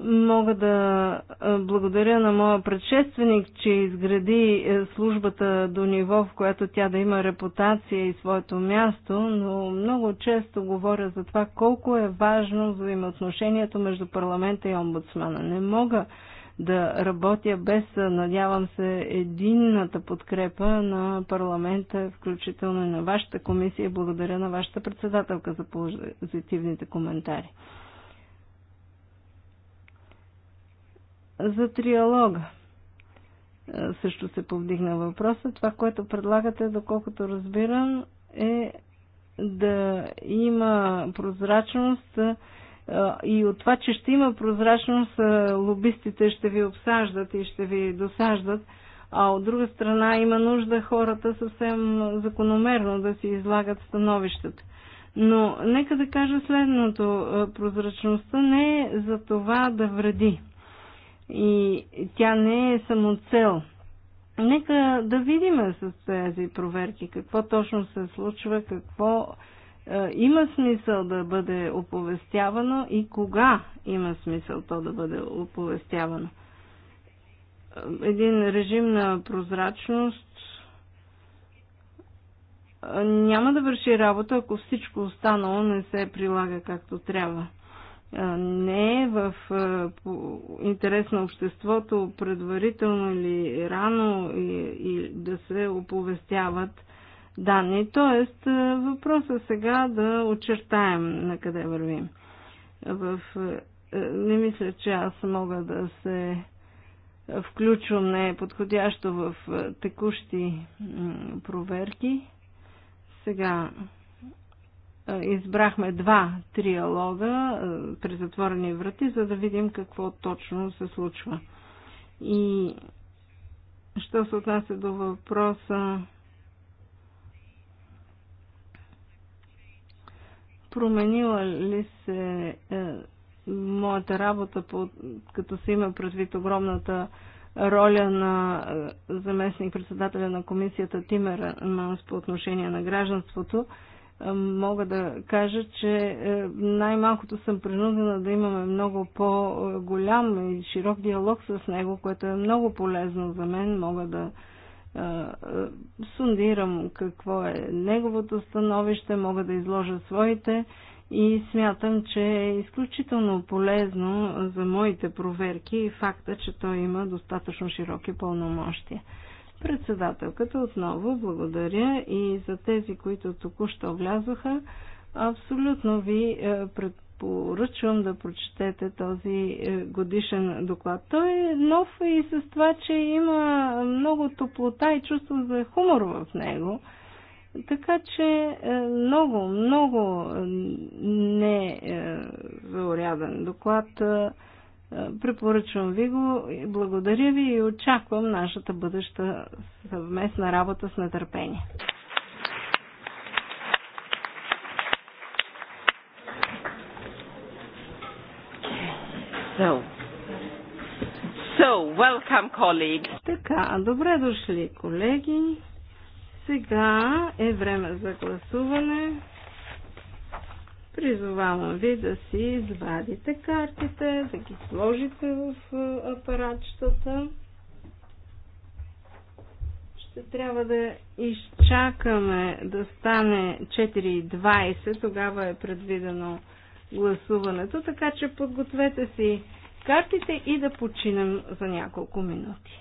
Мога да благодаря на моя предшественик, че изгради е, службата до ниво, в което тя да има репутация и своето място, но много често говоря за това колко е важно взаимоотношението между парламента и омбудсмана. Не мога да работя без, надявам се, единната подкрепа на парламента, включително и на вашата комисия. Благодаря на вашата председателка за позитивните коментари. за триалога. Е, също се повдигна въпроса. Това, което предлагате, доколкото разбирам, е да има прозрачност е, и от това, че ще има прозрачност, е, лобистите ще ви обсаждат и ще ви досаждат, а от друга страна има нужда хората съвсем закономерно да си излагат становищата. Но нека да кажа следното. Прозрачността не е за това да вреди и тя не е само цел. Нека да видим с тези проверки какво точно се случва, какво е, има смисъл да бъде оповестявано и кога има смисъл то да бъде оповестявано. Един режим на прозрачност е, няма да върши работа, ако всичко останало не се прилага както трябва не е в интерес на обществото предварително или рано и, и да се оповестяват данни. Тоест, въпросът е сега да очертаем на къде вървим. В, не мисля, че аз мога да се включвам не е подходящо в текущи проверки. Сега е, избрахме два триалога е, при затворени врати, за да видим какво точно се случва. И що се отнася до въпроса променила ли се е, моята работа, по, като се има предвид огромната роля на е, заместник-председателя на комисията Тимер Манс по отношение на гражданството, е, мога да кажа, че е, най-малкото съм принудена да имаме много по-голям и широк диалог с него, което е много полезно за мен. Мога да е, е, сундирам какво е неговото становище, мога да изложа своите и смятам, че е изключително полезно за моите проверки и факта, че той има достатъчно широки пълномощия. Председателката отново благодаря и за тези, които току-що влязоха. Абсолютно ви е, предпоръчвам да прочетете този е, годишен доклад. Той е нов и с това, че има много топлота и чувство за хумор в него. Така че е, много, много не заоряден доклад. Препоръчвам ви го. и Благодаря ви и очаквам нашата бъдеща съвместна работа с нетърпение. So, welcome, colleagues. Така, добре дошли, колеги. Сега е време за гласуване. Призовавам ви да си извадите картите, да ги сложите в апаратчетата. Ще трябва да изчакаме да стане 4.20, тогава е предвидено гласуването, така че подгответе си картите и да починем за няколко минути.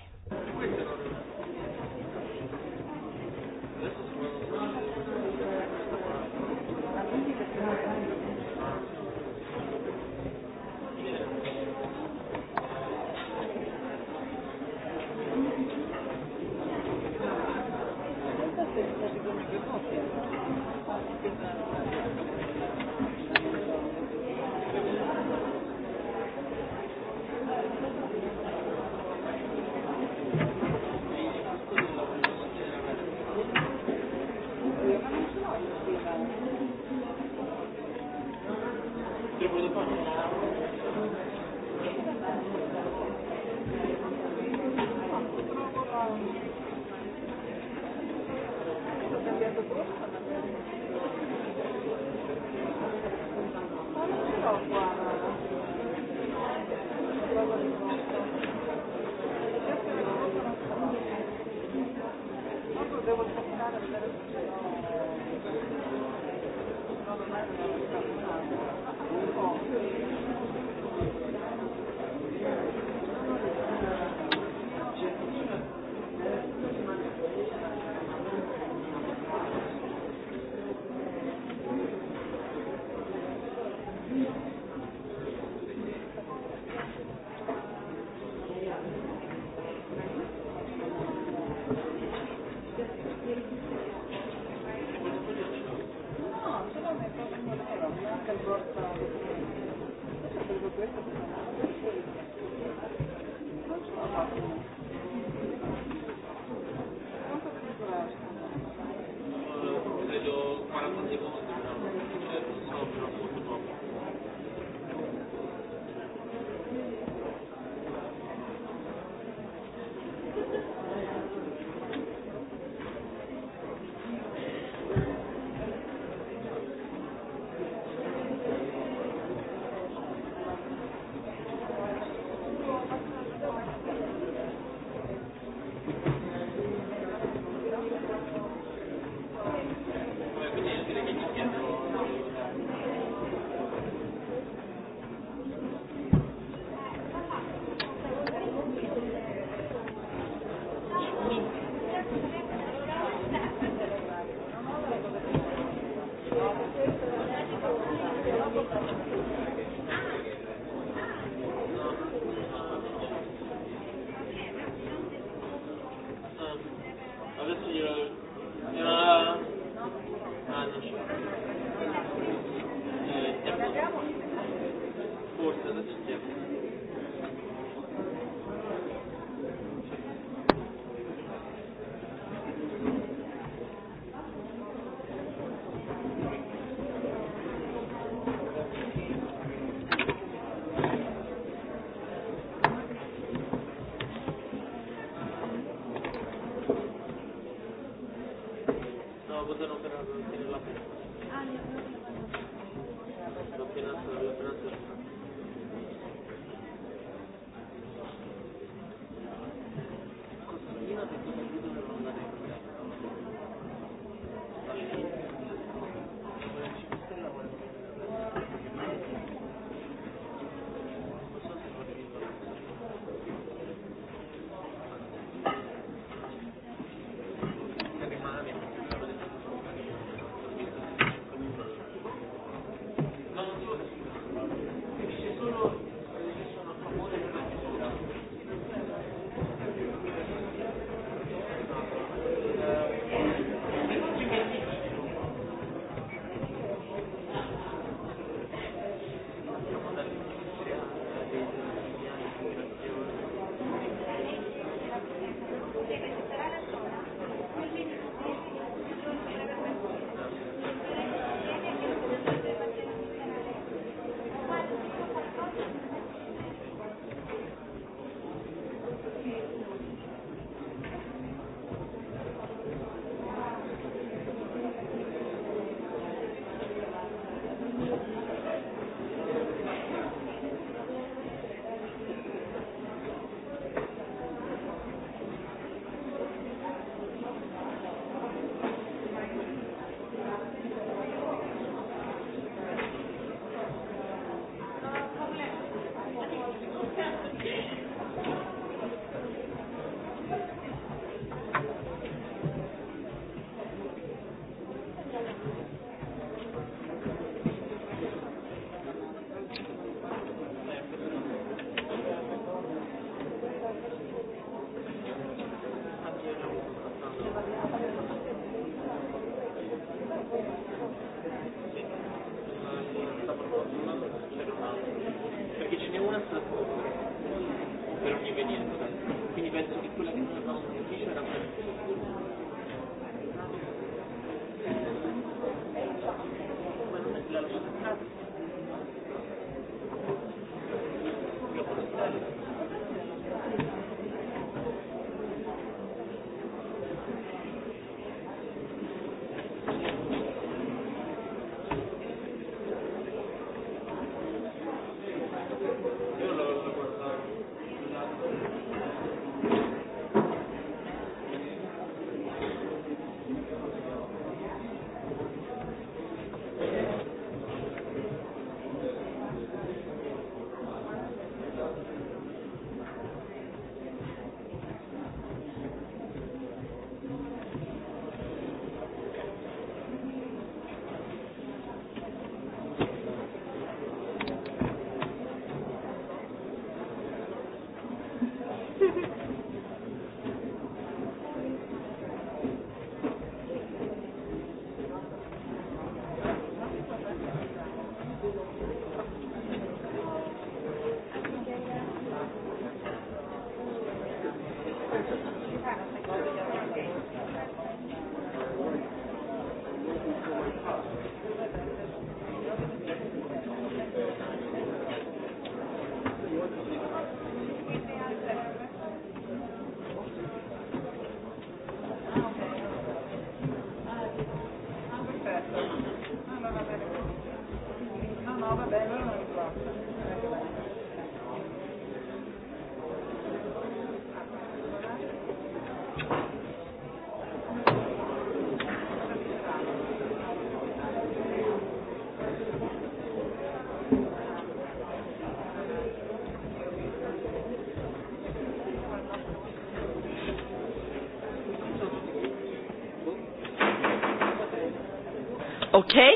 Okay,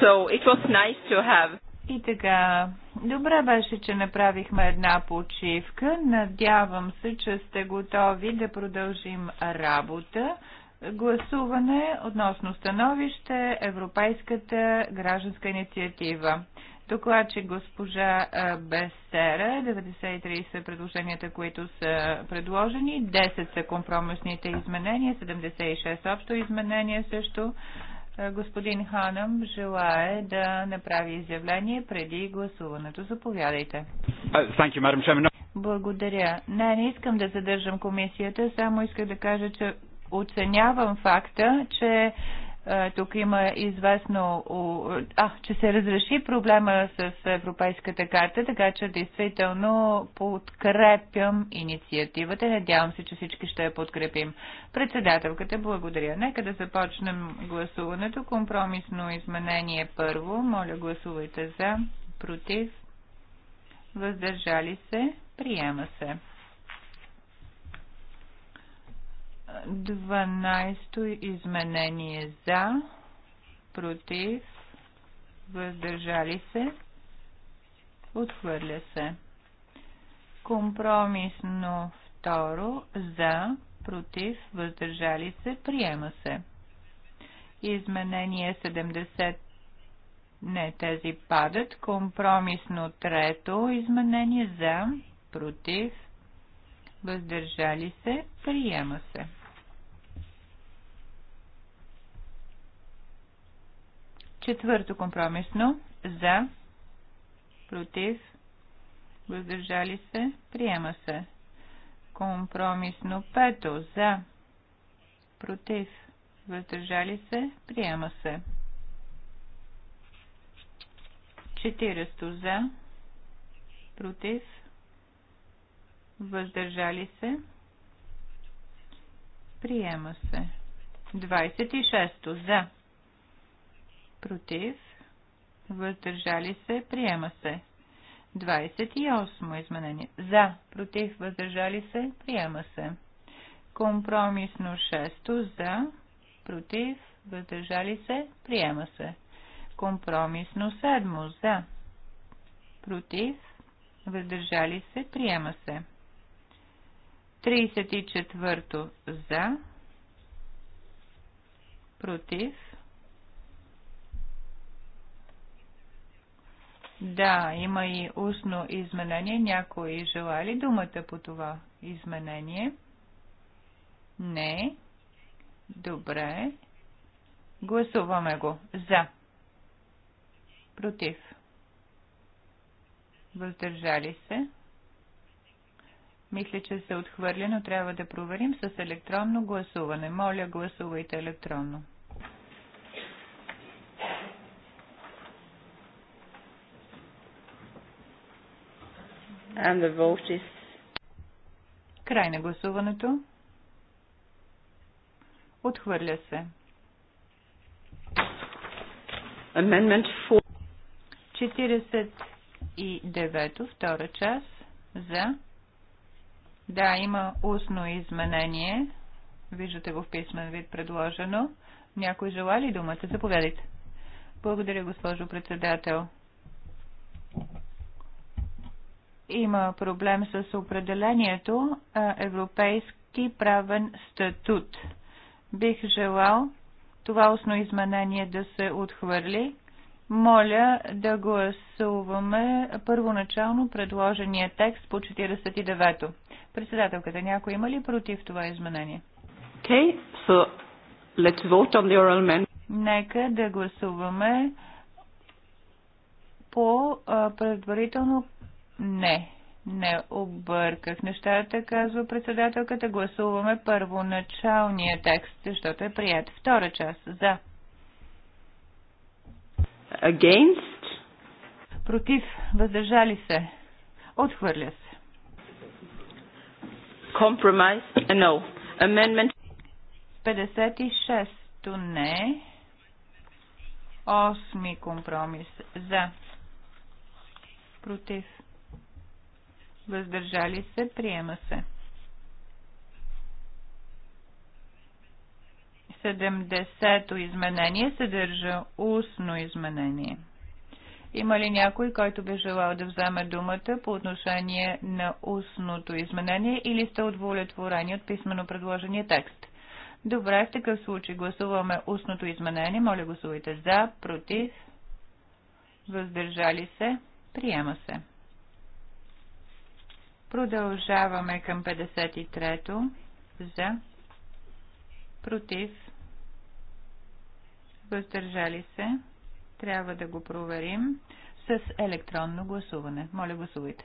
so it was nice to have. И така, добре беше, че направихме една почивка. Надявам се, че сте готови да продължим работа. Гласуване относно становище Европейската гражданска инициатива. че госпожа Бестера, 93 са предложенията, които са предложени, 10 са компромисните изменения, 76 общо изменения също. Господин Ханам желае да направи изявление преди гласуването. Заповядайте. Uh, Благодаря. Не, не искам да задържам комисията, само исках да кажа, че оценявам факта, че е, тук има известно, а, че се разреши проблема с Европейската карта, така че действително подкрепям инициативата. Надявам се, че всички ще я подкрепим. Председателката, благодаря. Нека да започнем гласуването. Компромисно изменение първо. Моля, гласувайте за, против, въздържали се, приема се. 12-то изменение за, против, въздържали се, отхвърля се. Компромисно второ за, против, въздържали се, приема се. Изменение 70 не, тези падат. Компромисно трето изменение за, против, въздържали се, приема се. Четвърто компромисно. За. Против. Въздържали се. Приема се. Компромисно пето. За. Против. Въздържали се. Приема се. Четиресто. за. Против. Въздържали се. Приема се. 26 за против, въздържали се, приема се. 28 изменение. За, против, въздържали се, приема се. Компромисно 6 за, против, въздържали се, приема се. Компромисно 7 за, против, въздържали се, приема се. 34 за, против, Да, има и устно изменение. Някои желали думата по това изменение? Не. Добре. Гласуваме го. За. Против. Въздържали се. Мисля, че се отхвърля, но трябва да проверим с електронно гласуване. Моля, гласувайте електронно. And the vote is... Край на гласуването. Отхвърля се. Amendment 4. 49, втора част. За. Да, има устно изменение. Виждате го в писмен вид предложено. Някой желали думата? Заповядайте. Благодаря, госпожо председател. има проблем с определението европейски правен статут. Бих желал това устно изменение да се отхвърли. Моля да гласуваме първоначално предложения текст по 49-то. Председателката, някой има ли против това изменение? Okay, so let's vote on the oral Нека да гласуваме по предварително не, не обърках нещата, казва председателката. Гласуваме първоначалния текст, защото е прият. Втора част. За. Against. Против. Въздържали се. Отхвърля се. Compromise. Uh, no. Amendment. 56-то не. Осми компромис. За. Против въздържали се, приема се. 70-то изменение съдържа устно изменение. Има ли някой, който би желал да вземе думата по отношение на устното изменение или сте удовлетворени от писменно предложения текст? Добре, в такъв случай гласуваме устното изменение. Моля гласувайте за, против, въздържали се, приема се. Продължаваме към 53-то. За. Против. Въздържали се. Трябва да го проверим с електронно гласуване. Моля, гласувайте.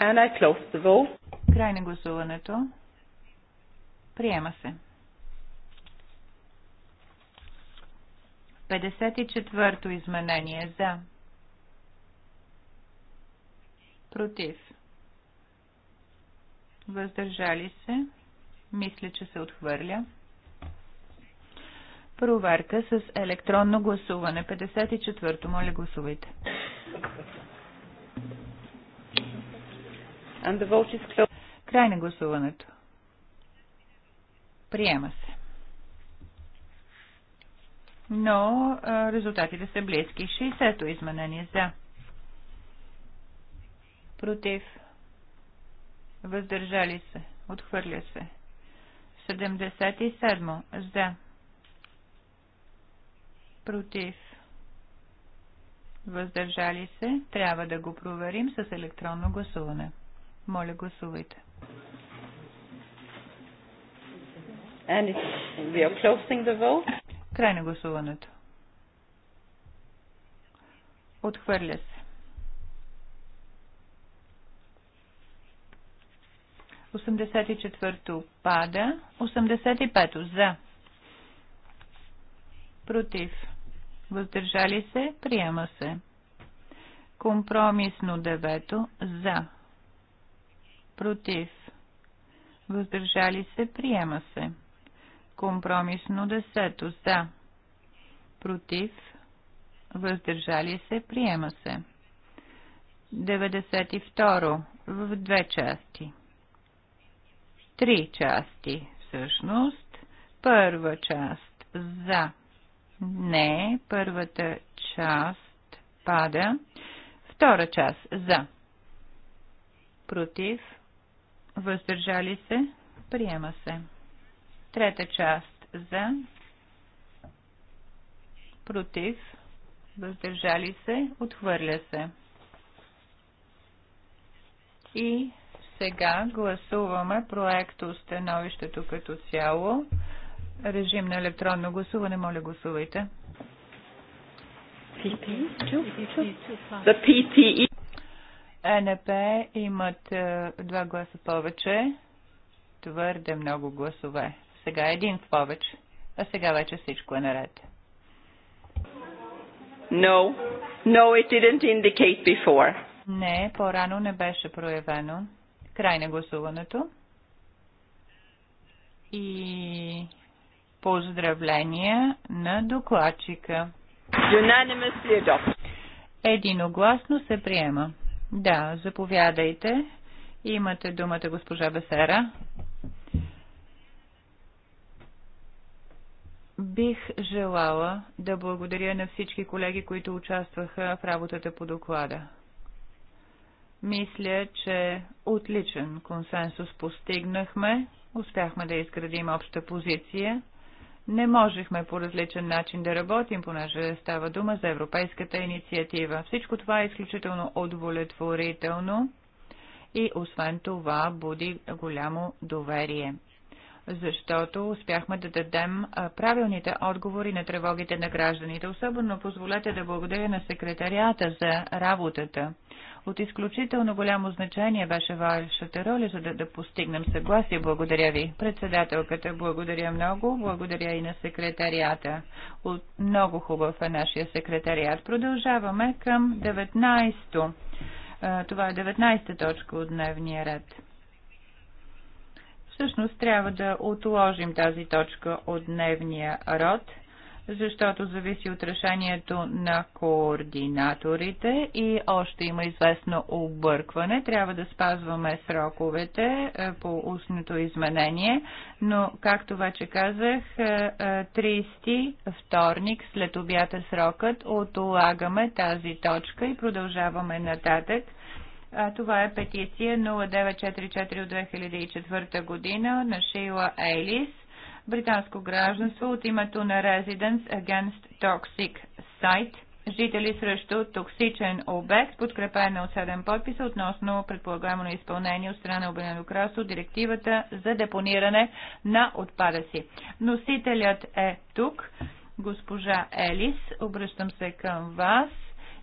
And I close the vote. Край на гласуването. Приема се. 54-то изменение за против, въздържали се, мисля, че се отхвърля. Проверка с електронно гласуване. 54-то, моля гласувайте. Край на гласуването. Приема се. Но резултатите са близки. 60-то изменение за против, въздържали се, отхвърля се. 77. За, против, въздържали се, трябва да го проверим с електронно гласуване. Моля, гласувайте. And we are closing the vote. Край на гласуването. Отхвърля се. 84-то пада. 85-то за. Против. Въздържали се. Приема се. Компромисно 9-то за. Против. Въздържали се. Приема се. Компромисно 10-то за. Против. Въздържали се. Приема се. 92 в две части три части всъщност. Първа част за. Не, първата част пада. Втора част за. Против. Въздържали се. Приема се. Трета част за. Против. Въздържали се. Отхвърля се. И сега гласуваме проекто становището като цяло. Режим на електронно гласуване, моля гласувайте. НП имат е, два гласа повече. Твърде много гласове. Сега един в повече. А сега вече всичко е наред. No. No, it didn't indicate before. Не, по-рано не беше проявено. Край на гласуването. И поздравления на докладчика. Единогласно се приема. Да, заповядайте. Имате думата госпожа Бесера. Бих желала да благодаря на всички колеги, които участваха в работата по доклада. Мисля, че отличен консенсус постигнахме. Успяхме да изградим обща позиция. Не можехме по различен начин да работим, понеже става дума за европейската инициатива. Всичко това е изключително удовлетворително и освен това буди голямо доверие защото успяхме да дадем правилните отговори на тревогите на гражданите. Особено позволете да благодаря на секретарията за работата. От изключително голямо значение беше вашата роля, за да, да постигнем съгласие. Благодаря ви, председателката. Благодаря много. Благодаря и на секретарията. От, много хубав е нашия секретарият. Продължаваме към 19-то. Това е 19-та точка от дневния ред. Всъщност трябва да отложим тази точка от дневния род, защото зависи от решението на координаторите и още има известно объркване. Трябва да спазваме сроковете е, по устното изменение, но, както вече казах, 30 е, е, вторник след обята срокът отлагаме тази точка и продължаваме нататък това е петиция 0944 от 2004 година на Шейла Ейлис, британско гражданство от името на Residence Against Toxic Site, жители срещу токсичен обект, подкрепена от 7 подписа относно предполагаемо на изпълнение от страна на Обединено кралство директивата за депониране на отпадъци. Носителят е тук, госпожа Елис. Обръщам се към вас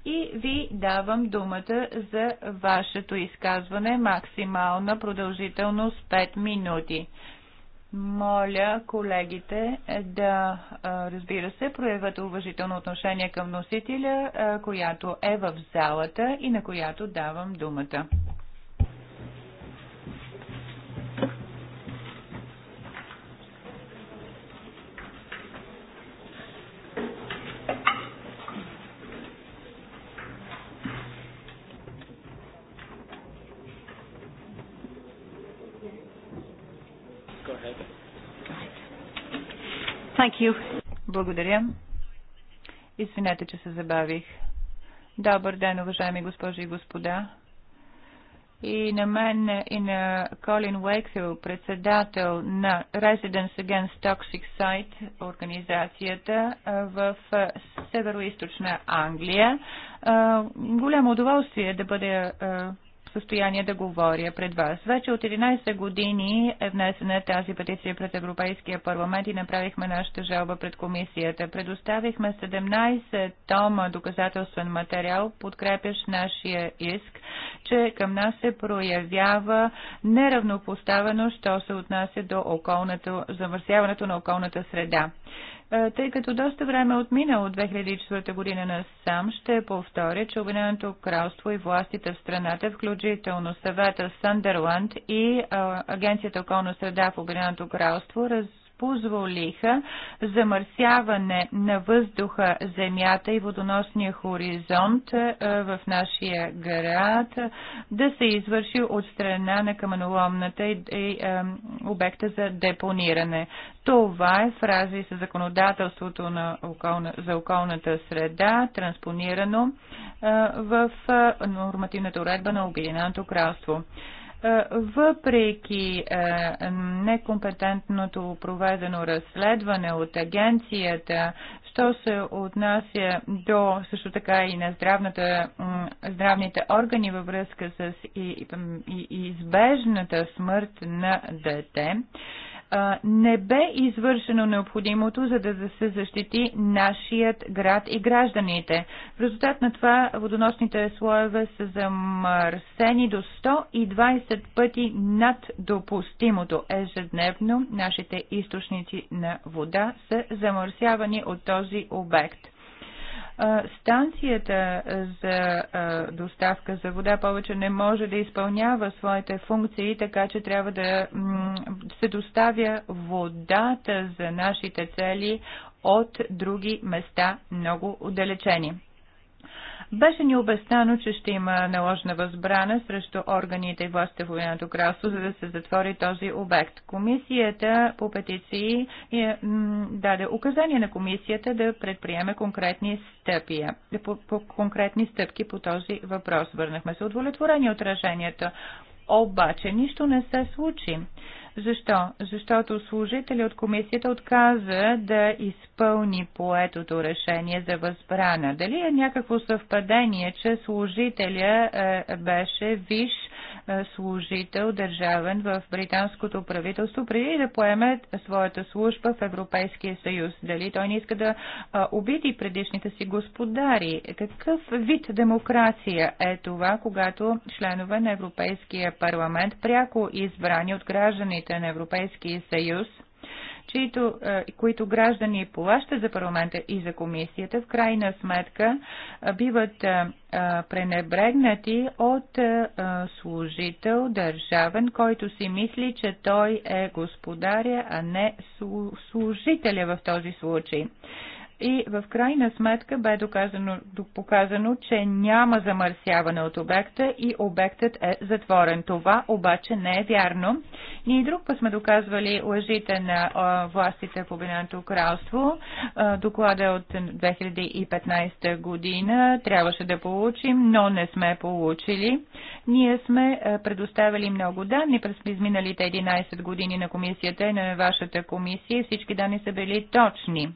и ви давам думата за вашето изказване максимална продължителност 5 минути. Моля колегите да, разбира се, проявят уважително отношение към носителя, която е в залата и на която давам думата. Thank you. Благодаря. Извинете, че се забавих. Добър ден, уважаеми госпожи и господа. И на мен и на Колин Уейкфил, председател на Residence Against Toxic Site, организацията в Северо-Источна Англия. Голямо удоволствие да бъде състояние да говоря пред вас. Вече от 11 години е внесена тази петиция пред Европейския парламент и направихме нашата жалба пред комисията. Предоставихме 17 тома доказателствен материал, подкрепящ нашия иск, че към нас се проявява неравнопоставено, що се отнася до околната, замърсяването на околната среда. Е, тъй като доста време отмина е от 2004 година на сам, ще повторя, че Обединеното кралство и властите в страната, включително съвета Сандерланд и е, Агенцията околна среда в Обединеното кралство, раз позволиха замърсяване на въздуха, земята и водоносния хоризонт е, в нашия град да се извърши от страна на каменоломната и, и и е, обекта за депониране. Това е фрази с законодателството на околна, за околната среда, транспонирано е, в нормативната уредба на Обединеното кралство въпреки некомпетентното проведено разследване от агенцията, що се отнася до също така и на здравната, здравните органи във връзка с и, и, и избежната смърт на дете, не бе извършено необходимото, за да се защити нашият град и гражданите. В резултат на това водоносните слоеве са замърсени до 120 пъти над допустимото. Ежедневно нашите източници на вода са замърсявани от този обект станцията за доставка за вода повече не може да изпълнява своите функции, така че трябва да се доставя водата за нашите цели от други места много отдалечени. Беше ни обещано, че ще има наложна възбрана срещу органите и властите в Военното кралство, за да се затвори този обект. Комисията по петиции е, м, даде указание на комисията да предприеме конкретни стъпи, по, по, конкретни стъпки по този въпрос. Върнахме се удовлетворени от решението обаче нищо не се случи. Защо? Защото служителят от комисията отказа да изпълни поетото решение за възбрана. Дали е някакво съвпадение, че служителя е, беше виш е, служител държавен в британското правителство, преди да поеме своята служба в Европейския съюз? Дали той не иска да е, обиди предишните си господари? Какъв вид демокрация е това, когато членове на Европейския парламент, пряко избрани от гражданите на Европейския съюз, чието, е, които граждани плащат за парламента и за комисията, в крайна сметка е, биват е, пренебрегнати от служител държавен, който си мисли, че той е господаря, а не служителя в този случай и в крайна сметка бе доказано, показано, че няма замърсяване от обекта и обектът е затворен. Това обаче не е вярно. Ние и друг път сме доказвали лъжите на а, властите в Обединеното кралство. А, доклада от 2015 година трябваше да получим, но не сме получили. Ние сме а, предоставили много данни през изминалите 11 години на комисията и на вашата комисия. Всички данни са били точни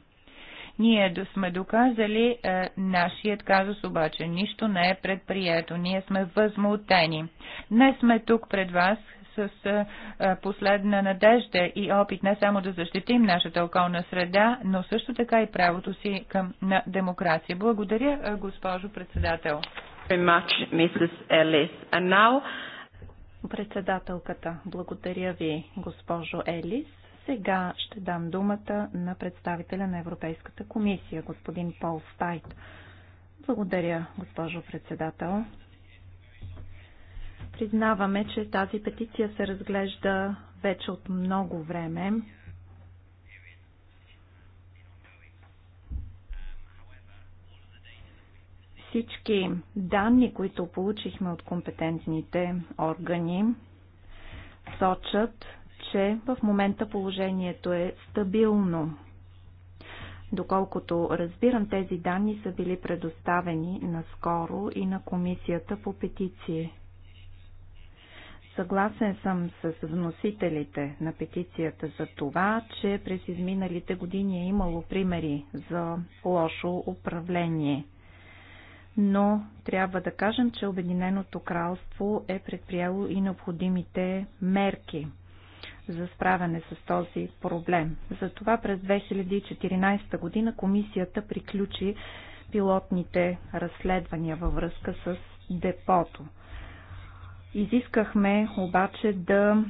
ние сме доказали е, нашият казус, обаче нищо не е предприето. Ние сме възмутени. Днес сме тук пред вас с е, е, последна надежда и опит не само да защитим нашата околна среда, но също така и правото си към, на демокрация. Благодаря, е, госпожо председател. Председателката, благодаря ви, госпожо Елис. Сега ще дам думата на представителя на Европейската комисия, господин Пол Стайт. Благодаря, госпожо председател. Признаваме, че тази петиция се разглежда вече от много време. Всички данни, които получихме от компетентните органи, сочат, че в момента положението е стабилно. Доколкото разбирам, тези данни са били предоставени наскоро и на Комисията по петиции. Съгласен съм с вносителите на петицията за това, че през изминалите години е имало примери за лошо управление. Но трябва да кажем, че Обединеното кралство е предприело и необходимите мерки – за справяне с този проблем. Затова през 2014 година комисията приключи пилотните разследвания във връзка с депото. Изискахме обаче да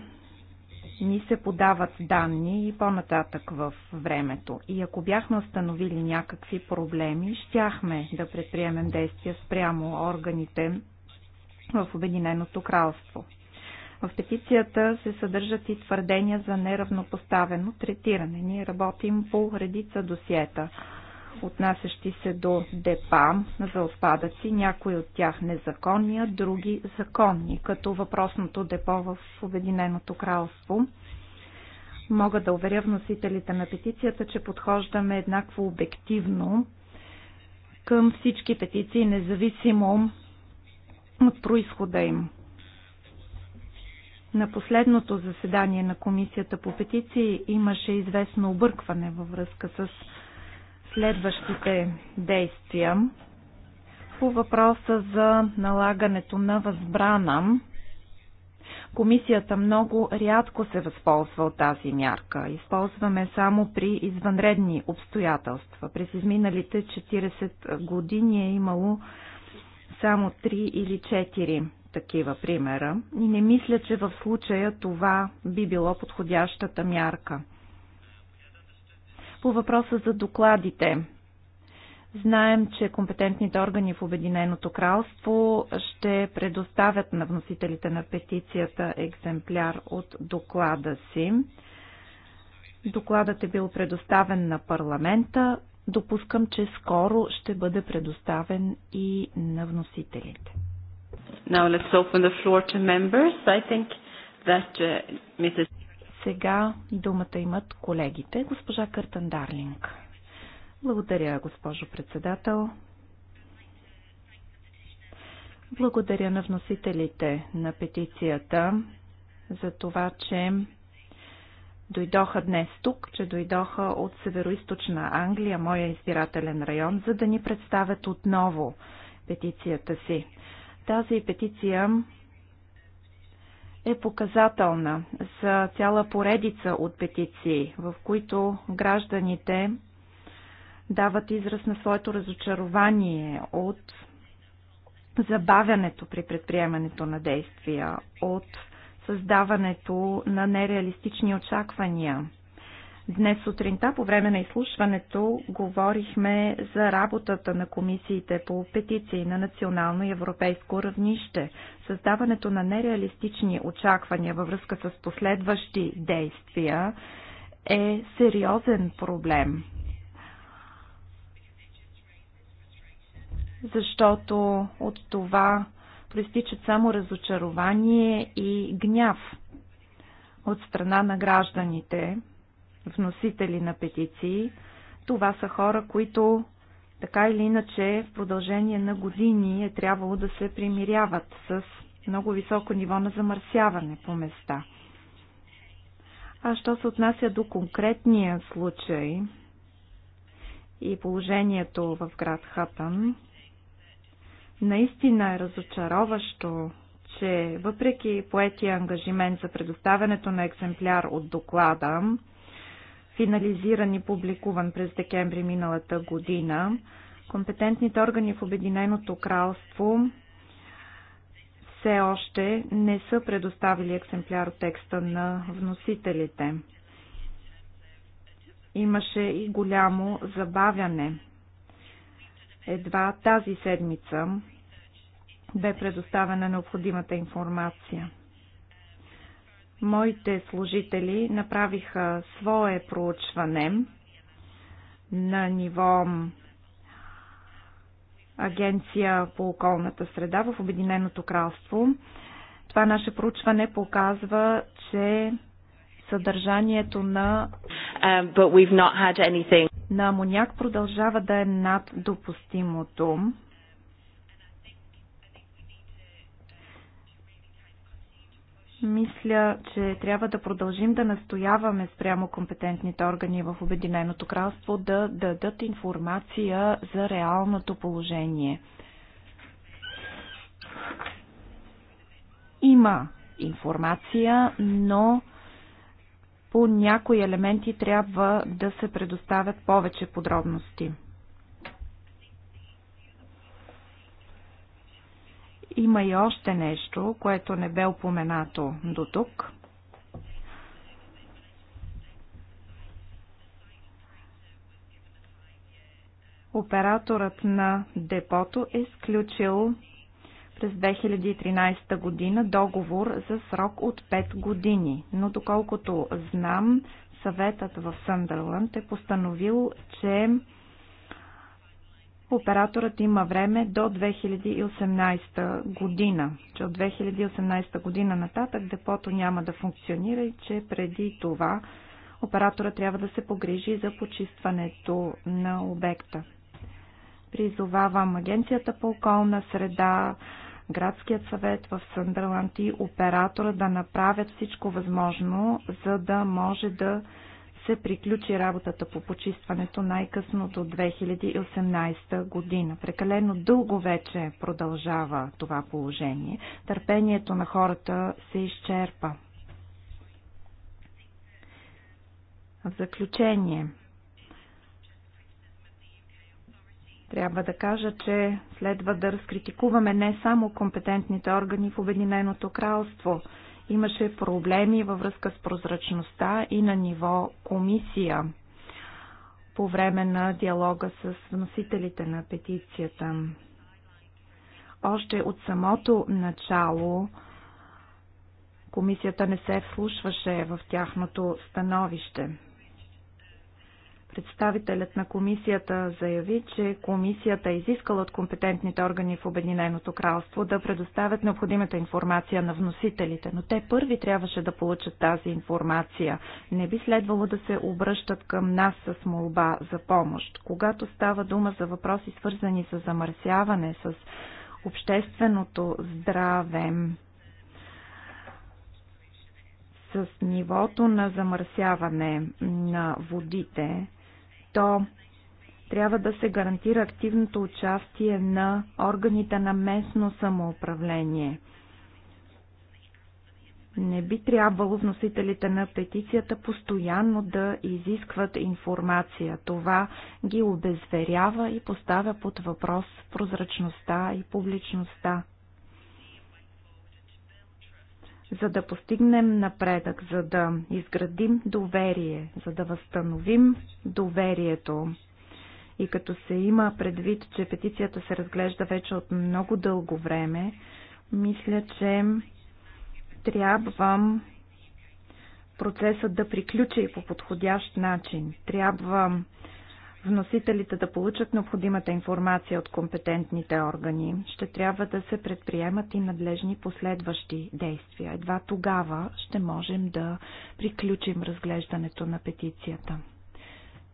ни се подават данни и по-нататък в времето. И ако бяхме установили някакви проблеми, щяхме да предприемем действия спрямо органите в Обединеното кралство. В петицията се съдържат и твърдения за неравнопоставено третиране. Ние работим по редица досиета, отнасящи се до депа за отпадъци, някои от тях незаконни, а други законни, като въпросното депо в Обединеното кралство. Мога да уверя вносителите на петицията, че подхождаме еднакво обективно към всички петиции, независимо от происхода им. На последното заседание на Комисията по петиции имаше известно объркване във връзка с следващите действия по въпроса за налагането на възбрана. Комисията много рядко се възползва от тази мярка. Използваме само при извънредни обстоятелства. През изминалите 40 години е имало само 3 или 4 такива примера и не мисля, че в случая това би било подходящата мярка. По въпроса за докладите. Знаем, че компетентните органи в Обединеното кралство ще предоставят на вносителите на петицията екземпляр от доклада си. Докладът е бил предоставен на парламента. Допускам, че скоро ще бъде предоставен и на вносителите. Now let's open the floor to members. I think that uh, Mrs. Сега думата имат колегите. Госпожа Къртан Дарлинг. Благодаря, госпожо председател. Благодаря на вносителите на петицията за това, че дойдоха днес тук, че дойдоха от Североизточна Англия, моя избирателен район, за да ни представят отново петицията си. Тази петиция е показателна за цяла поредица от петиции, в които гражданите дават израз на своето разочарование от забавянето при предприемането на действия, от създаването на нереалистични очаквания. Днес сутринта по време на изслушването говорихме за работата на комисиите по петиции на национално и европейско равнище, създаването на нереалистични очаквания във връзка с последващи действия е сериозен проблем. Защото от това проистичат само разочарование и гняв от страна на гражданите, вносители на петиции. Това са хора, които така или иначе в продължение на години е трябвало да се примиряват с много високо ниво на замърсяване по места. А що се отнася до конкретния случай и положението в град Хатън, наистина е разочароващо, че въпреки поетия ангажимент за предоставянето на екземпляр от доклада, финализиран и публикуван през декември миналата година. Компетентните органи в Обединеното кралство все още не са предоставили екземпляр от текста на вносителите. Имаше и голямо забавяне. Едва тази седмица бе предоставена необходимата информация. Моите служители направиха свое проучване на ниво Агенция по околната среда в Обединеното кралство. Това наше проучване показва, че съдържанието на, um, на амоняк продължава да е над допустимото. Мисля, че трябва да продължим да настояваме спрямо компетентните органи в Обединеното кралство да дадат информация за реалното положение. Има информация, но по някои елементи трябва да се предоставят повече подробности. Има и още нещо, което не бе упоменато до тук. Операторът на депото е сключил през 2013 година договор за срок от 5 години, но доколкото знам, съветът в Съндърланд е постановил, че Операторът има време до 2018 година, че от 2018 година нататък депото няма да функционира и че преди това оператора трябва да се погрижи за почистването на обекта. Призовавам Агенцията по околна среда, Градският съвет в Съндърланд и оператора да направят всичко възможно, за да може да се приключи работата по почистването най-късно до 2018 година. Прекалено дълго вече продължава това положение. Търпението на хората се изчерпа. В заключение, трябва да кажа, че следва да разкритикуваме не само компетентните органи в Обединеното кралство – Имаше проблеми във връзка с прозрачността и на ниво комисия по време на диалога с вносителите на петицията. Още от самото начало комисията не се вслушваше в тяхното становище. Представителят на комисията заяви, че комисията е изискала от компетентните органи в Обединеното кралство да предоставят необходимата информация на вносителите, но те първи трябваше да получат тази информация. Не би следвало да се обръщат към нас с молба за помощ. Когато става дума за въпроси свързани с замърсяване, с общественото здраве, с нивото на замърсяване на водите, то трябва да се гарантира активното участие на органите на местно самоуправление. Не би трябвало вносителите на петицията постоянно да изискват информация. Това ги обезверява и поставя под въпрос прозрачността и публичността за да постигнем напредък, за да изградим доверие, за да възстановим доверието и като се има предвид, че петицията се разглежда вече от много дълго време, мисля, че трябва процесът да приключи по подходящ начин. Трябва вносителите да получат необходимата информация от компетентните органи, ще трябва да се предприемат и надлежни последващи действия. Едва тогава ще можем да приключим разглеждането на петицията.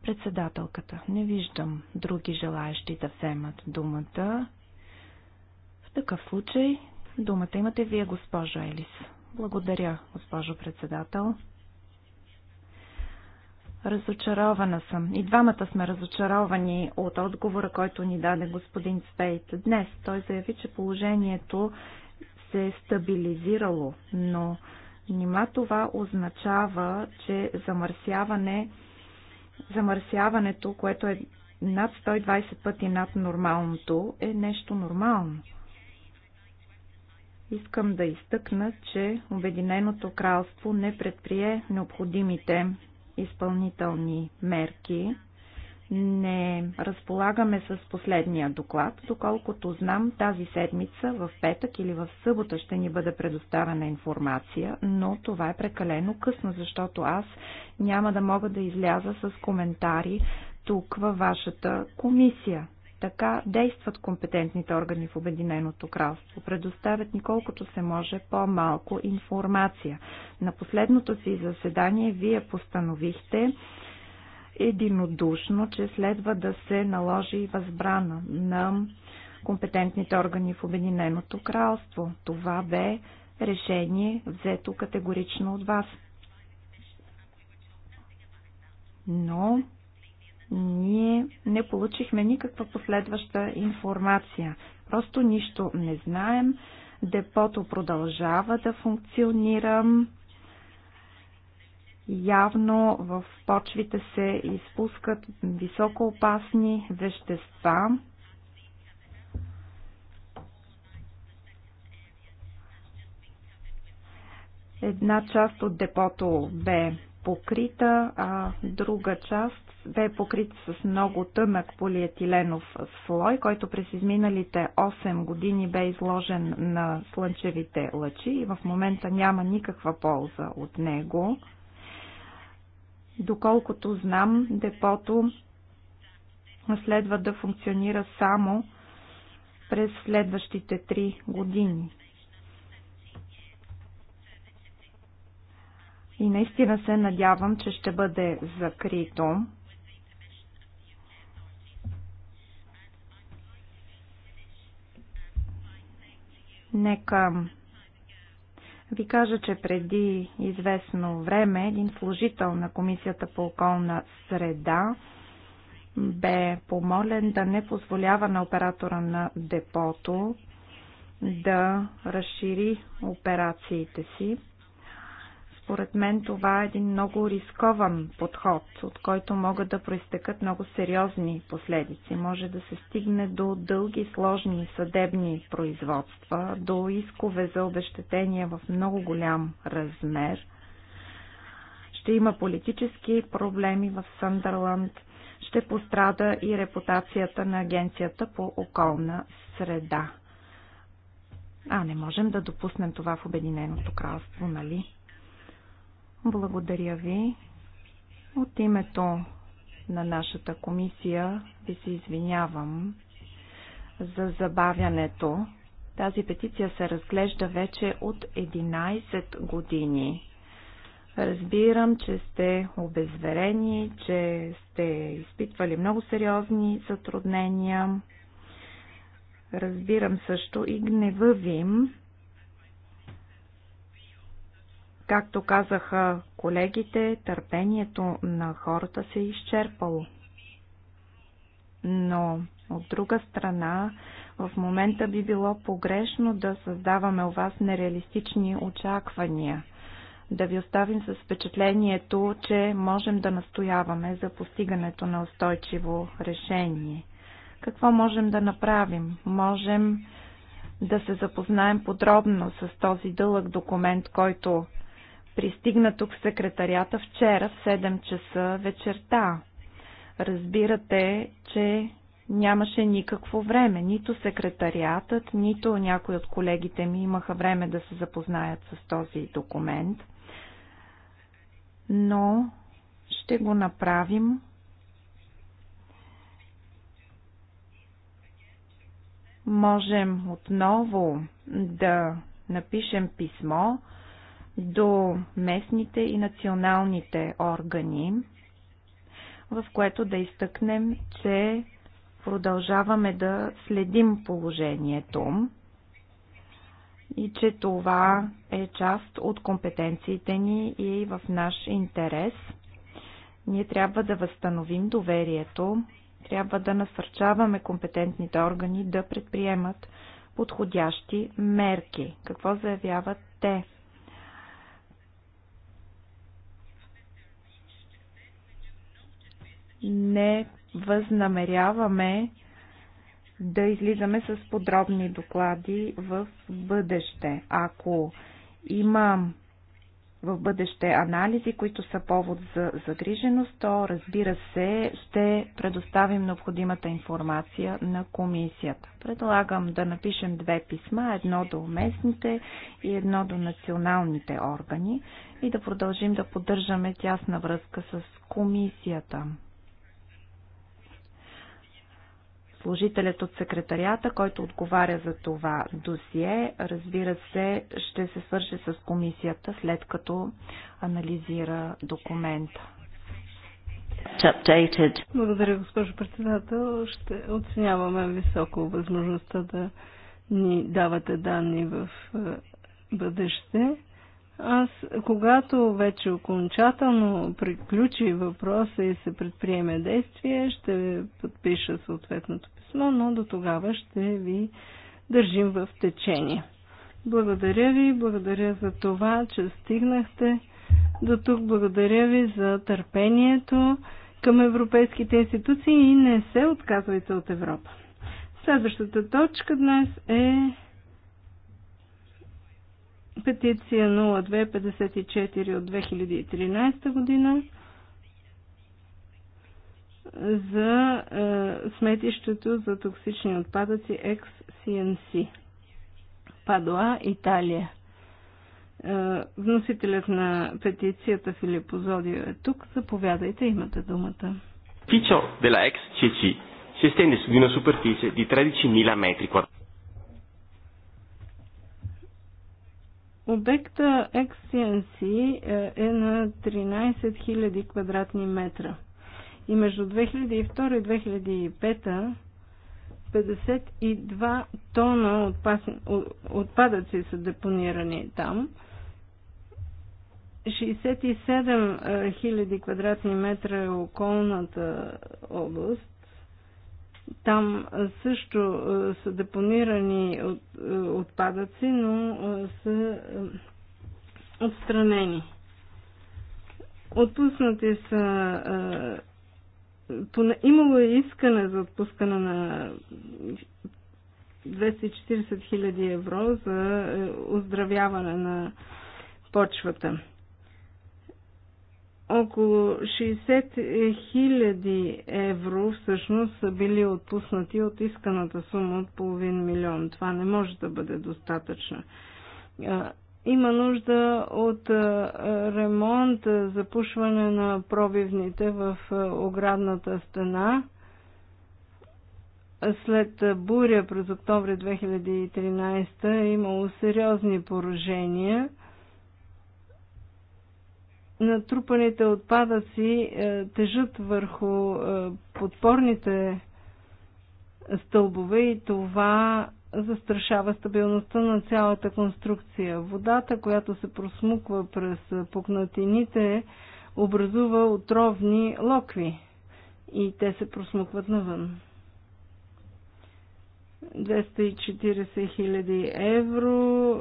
Председателката, не виждам други желаящи да вземат думата. В такъв случай думата имате вие, госпожо Елис. Благодаря, госпожо председател. Разочарована съм. И двамата сме разочаровани от отговора, който ни даде господин Спейт. Днес той заяви, че положението се е стабилизирало, но нима това означава, че замърсяване, замърсяването, което е над 120 пъти над нормалното, е нещо нормално. Искам да изтъкна, че Обединеното кралство не предприе необходимите изпълнителни мерки. Не разполагаме с последния доклад. Доколкото знам, тази седмица в петък или в събота ще ни бъде предоставена информация, но това е прекалено късно, защото аз няма да мога да изляза с коментари тук във вашата комисия. Така действат компетентните органи в Обединеното кралство. Предоставят ни колкото се може по-малко информация. На последното си заседание вие постановихте, единодушно, че следва да се наложи възбрана на компетентните органи в Обединеното кралство. Това бе решение взето категорично от вас. Но ние не получихме никаква последваща информация. Просто нищо не знаем. Депото продължава да функционира. Явно в почвите се изпускат високо опасни вещества. Една част от депото бе покрита, а друга част бе покрита с много тънък полиетиленов слой, който през изминалите 8 години бе изложен на слънчевите лъчи и в момента няма никаква полза от него. Доколкото знам, депото следва да функционира само през следващите 3 години. и наистина се надявам, че ще бъде закрито. Нека ви кажа, че преди известно време един служител на Комисията по околна среда бе помолен да не позволява на оператора на депото да разшири операциите си според мен това е един много рискован подход, от който могат да проистекат много сериозни последици. Може да се стигне до дълги, сложни съдебни производства, до искове за обещетения в много голям размер. Ще има политически проблеми в Съндърланд. Ще пострада и репутацията на Агенцията по околна среда. А, не можем да допуснем това в Обединеното кралство, нали? Благодаря ви. От името на нашата комисия ви се извинявам за забавянето. Тази петиция се разглежда вече от 11 години. Разбирам, че сте обезверени, че сте изпитвали много сериозни затруднения. Разбирам също и гнева ви, Както казаха колегите, търпението на хората се е изчерпало. Но от друга страна, в момента би било погрешно да създаваме у вас нереалистични очаквания, да ви оставим с впечатлението, че можем да настояваме за постигането на устойчиво решение. Какво можем да направим? Можем да се запознаем подробно с този дълъг документ, който Пристигна тук секретарията вчера в 7 часа вечерта. Разбирате, че нямаше никакво време. Нито секретариатът, нито някои от колегите ми имаха време да се запознаят с този документ. Но ще го направим. Можем отново да напишем писмо, до местните и националните органи, в което да изтъкнем, че продължаваме да следим положението и че това е част от компетенциите ни и в наш интерес. Ние трябва да възстановим доверието, трябва да насърчаваме компетентните органи да предприемат подходящи мерки. Какво заявяват те? не възнамеряваме да излизаме с подробни доклади в бъдеще. Ако има в бъдеще анализи, които са повод за загриженост, то разбира се ще предоставим необходимата информация на комисията. Предлагам да напишем две писма, едно до местните и едно до националните органи и да продължим да поддържаме тясна връзка с комисията. Служителят от секретарията, който отговаря за това досие, разбира се, ще се свърши с комисията, след като анализира документа. Благодаря, госпожо председател. Ще оценяваме високо възможността да ни давате данни в е, бъдеще. Аз, когато вече окончателно приключи въпроса и се предприеме действие, ще подпиша съответното писмо, но до тогава ще ви държим в течение. Благодаря ви, благодаря за това, че стигнахте до тук. Благодаря ви за търпението към европейските институции и не се отказвайте от Европа. Следващата точка днес е Петиция 0254 от 2013 година за е, сметището за токсични отпадъци XCNC. Падуа, Италия. Е, вносителят на петицията Филип Озодио е тук. Заповядайте, имате думата. Фичо della XCC si estende su di una superficie di 13.000 metri quadrati. Обекта XCNC е, е на 13 000 квадратни метра. И между 2002 и 2005 52 тона отпадъци са депонирани там. 67 000 е, квадратни метра е околната област там също са депонирани отпадъци, но са отстранени. Отпуснати са. Имало е искане за отпускане на 240 000 евро за е, оздравяване на почвата около 60 хиляди евро всъщност са били отпуснати от исканата сума от половин милион. Това не може да бъде достатъчно. Има нужда от ремонт, запушване на пробивните в оградната стена. След буря през октомври 2013 е имало сериозни поражения – натрупаните отпадъци е, тежат върху е, подпорните стълбове и това застрашава стабилността на цялата конструкция. Водата, която се просмуква през пукнатините, образува отровни локви и те се просмукват навън. 240 хиляди евро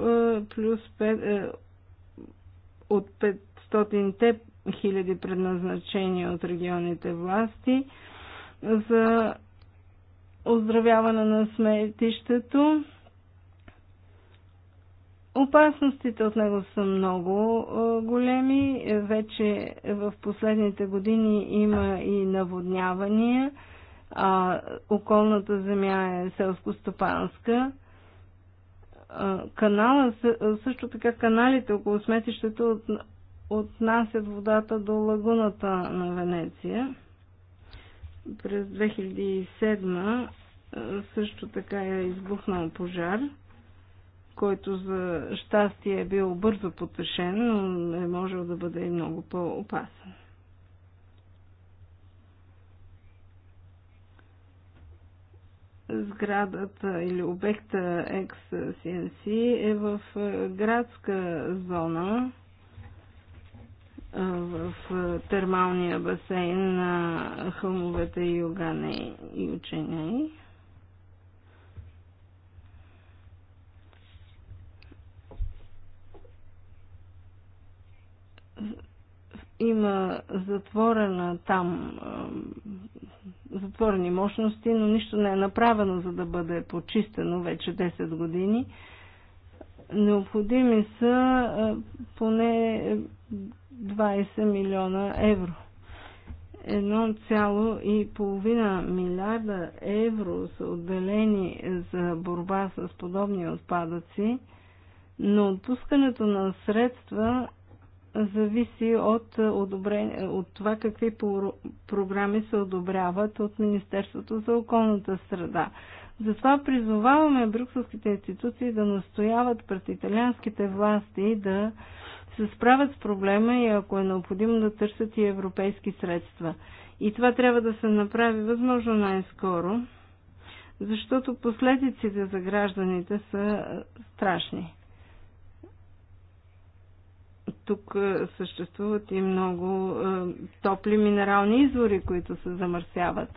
е, плюс 5, от 5 500-те хиляди предназначения от регионните власти за оздравяване на сметището. Опасностите от него са много големи. Вече в последните години има и наводнявания. А, околната земя е селско-стопанска. Канала, също така каналите около сметището отнасят водата до лагуната на Венеция. През 2007 също така е избухнал пожар, който за щастие е бил бързо потешен, но е можел да бъде и много по-опасен. сградата или обекта XCNC е в градска зона в термалния басейн на хълмовете Югане и Ученей. Има затворена там затворени мощности, но нищо не е направено, за да бъде почистено вече 10 години. Необходими са поне 20 милиона евро. 1,5 милиарда евро са отделени за борба с подобни отпадъци, но отпускането на средства зависи от, одобрение, от това какви програми се одобряват от Министерството за околната среда. Затова призоваваме брюкселските институции да настояват пред италианските власти да се справят с проблема и ако е необходимо да търсят и европейски средства. И това трябва да се направи възможно най-скоро, защото последиците за гражданите са страшни. Тук съществуват и много топли минерални извори, които се замърсяват.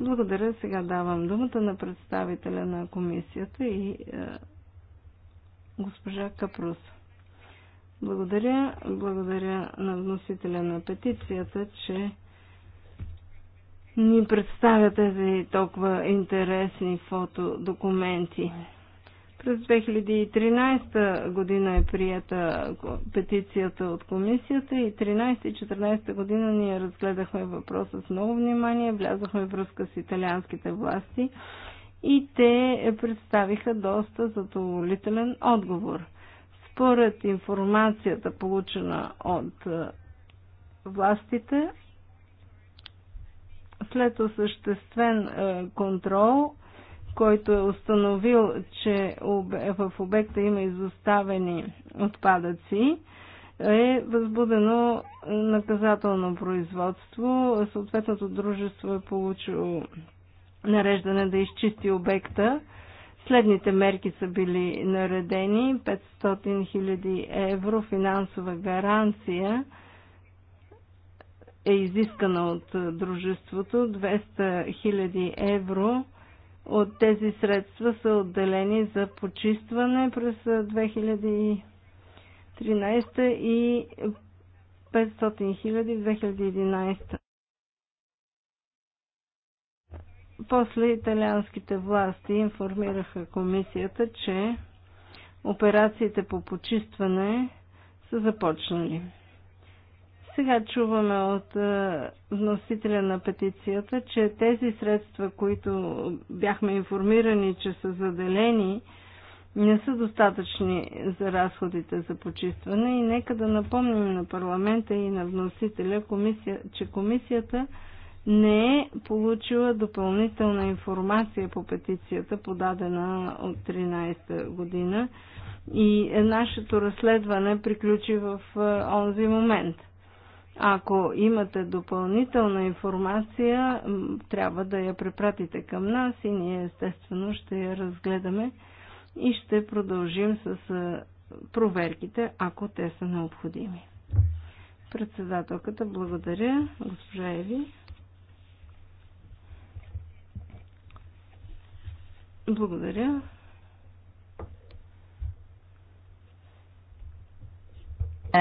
Благодаря. Сега давам думата на представителя на комисията и госпожа Капрус. Благодаря. Благодаря на вносителя на петицията, че ни представя тези толкова интересни фотодокументи. През 2013 година е прията петицията от комисията и 13-14 година ние разгледахме въпроса с много внимание, влязохме в връзка с италианските власти и те представиха доста задоволителен отговор – според информацията получена от е, властите, след осъществен е, контрол, който е установил, че в обекта има изоставени отпадъци, е възбудено наказателно производство. Съответното дружество е получило нареждане да изчисти обекта Следните мерки са били наредени 500 000 евро финансова гаранция е изискана от дружеството, 200 000 евро от тези средства са отделени за почистване през 2013 и 500 000 в 2011. После италианските власти информираха комисията, че операциите по почистване са започнали. Сега чуваме от е, вносителя на петицията, че тези средства, които бяхме информирани, че са заделени, не са достатъчни за разходите за почистване и нека да напомним на парламента и на вносителя, комисия, че комисията не е получила допълнителна информация по петицията, подадена от 13-та година и е, нашето разследване приключи в е, онзи момент. Ако имате допълнителна информация, трябва да я препратите към нас и ние естествено ще я разгледаме и ще продължим с е, проверките, ако те са необходими. Председателката, благодаря. Госпожа Еви. Благодаря. Е,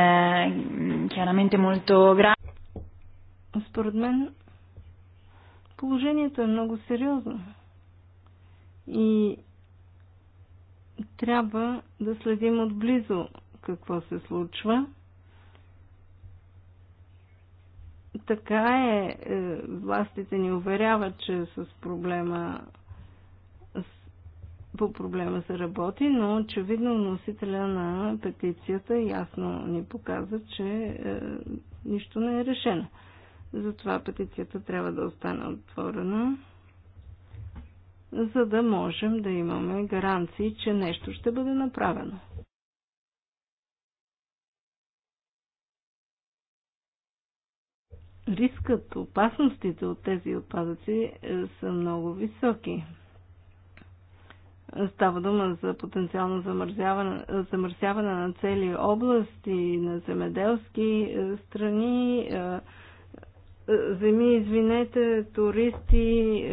chiaramente молто grave. Според мен положението е много сериозно и трябва да следим отблизо какво се случва. Така е, е властите ни уверяват, че е с проблема по проблема се работи, но очевидно носителя на петицията ясно ни показа, че е, нищо не е решено. Затова петицията трябва да остане отворена, за да можем да имаме гаранции, че нещо ще бъде направено. Рискът, опасностите от тези отпадъци е, са много високи. Става дума за потенциално замърсяване, замърсяване на цели области, на земеделски е, страни, е, е, земи, извинете, туристи,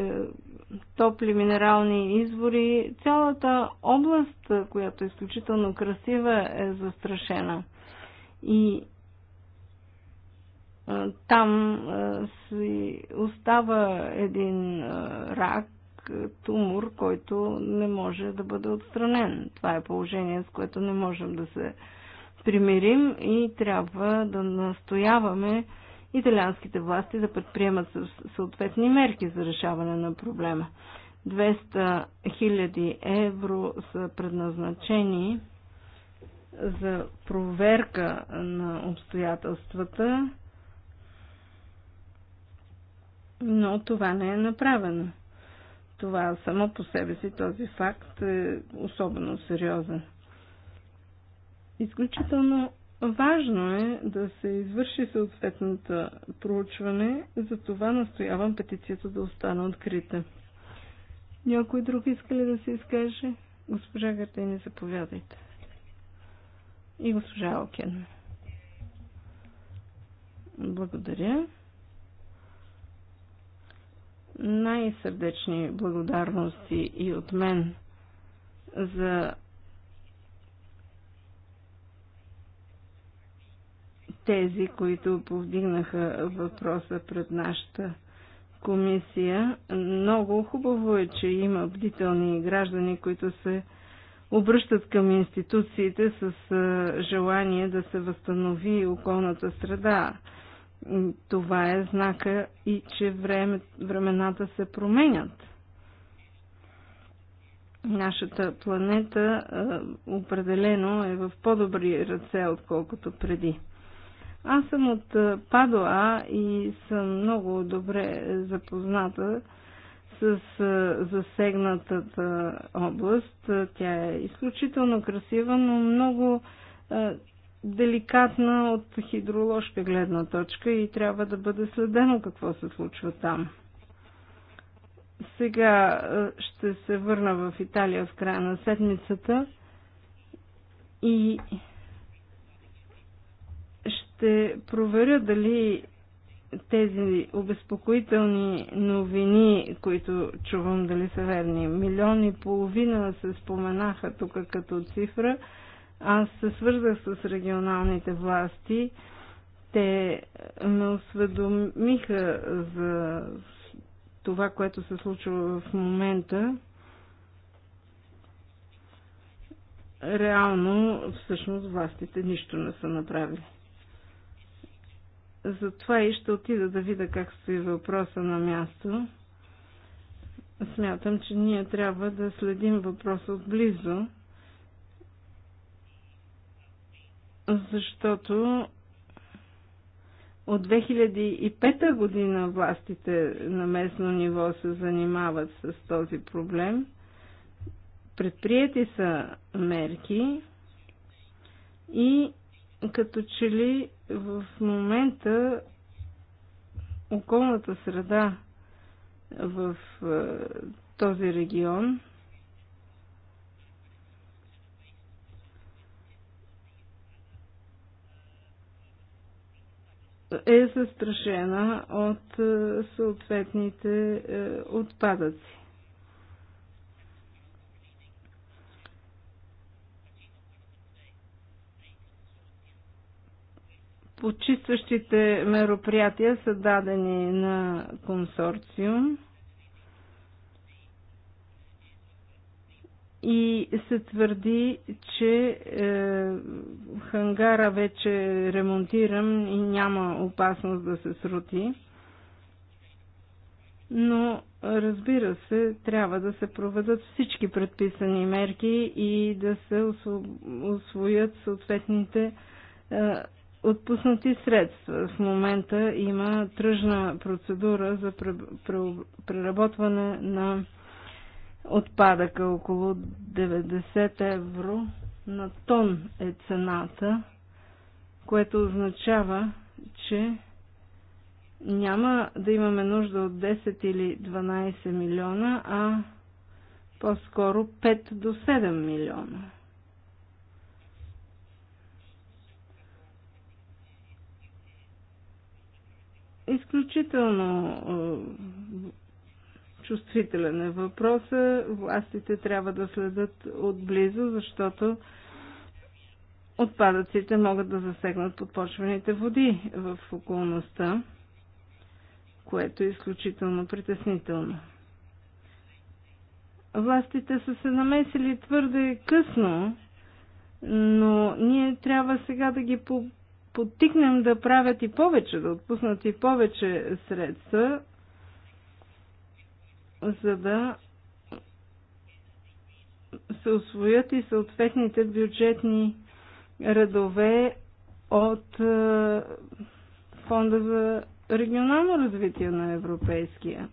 топли минерални извори. Цялата област, която е изключително красива, е застрашена. И там си остава един рак, тумор, който не може да бъде отстранен. Това е положение, с което не можем да се примирим и трябва да настояваме италианските власти да предприемат съответни мерки за решаване на проблема. 200 000 евро са предназначени за проверка на обстоятелствата, но това не е направено. Това само по себе си този факт е особено сериозен. Изключително важно е да се извърши съответната проучване, За това настоявам петицията да остане открита. Някой друг иска ли да се изкаже? Госпожа Гартени, заповядайте. И госпожа Окен. Благодаря най-сърдечни благодарности и от мен за тези, които повдигнаха въпроса пред нашата комисия. Много хубаво е, че има бдителни граждани, които се обръщат към институциите с желание да се възстанови околната среда. Това е знака и че време, времената се променят. Нашата планета определено е в по-добри ръце, отколкото преди. Аз съм от Падоа и съм много добре е, запозната с засегнатата област. Тя е изключително красива, но много деликатна от хидроложка гледна точка и трябва да бъде следено какво се случва там. Сега ще се върна в Италия в края на седмицата и ще проверя дали тези обезпокоителни новини, които чувам дали са верни. Милион и половина се споменаха тук като цифра – аз се свързах с регионалните власти. Те ме осведомиха за това, което се случва в момента. Реално, всъщност, властите нищо не са направили. Затова и ще отида да видя как стои въпроса на място. Смятам, че ние трябва да следим въпроса отблизо защото от 2005 година властите на местно ниво се занимават с този проблем. Предприяти са мерки и като че ли в момента околната среда в е, този регион е застрашена от е, съответните е, отпадъци. Почистващите мероприятия са дадени на консорциум – и се твърди, че е, хангара вече е ремонтиран и няма опасност да се срути. Но, разбира се, трябва да се проведат всички предписани мерки и да се освоят съответните е, отпуснати средства. В момента има тръжна процедура за преработване на Отпадъка около 90 евро на тон е цената, което означава, че няма да имаме нужда от 10 или 12 милиона, а по-скоро 5 до 7 милиона. Изключително е, чувствителен е въпроса. Властите трябва да следят отблизо, защото отпадъците могат да засегнат подпочвените води в околността, което е изключително притеснително. Властите са се намесили твърде късно, но ние трябва сега да ги подтикнем да правят и повече, да отпуснат и повече средства, за да се освоят и съответните бюджетни редове от е, Фонда за регионално развитие на Европейския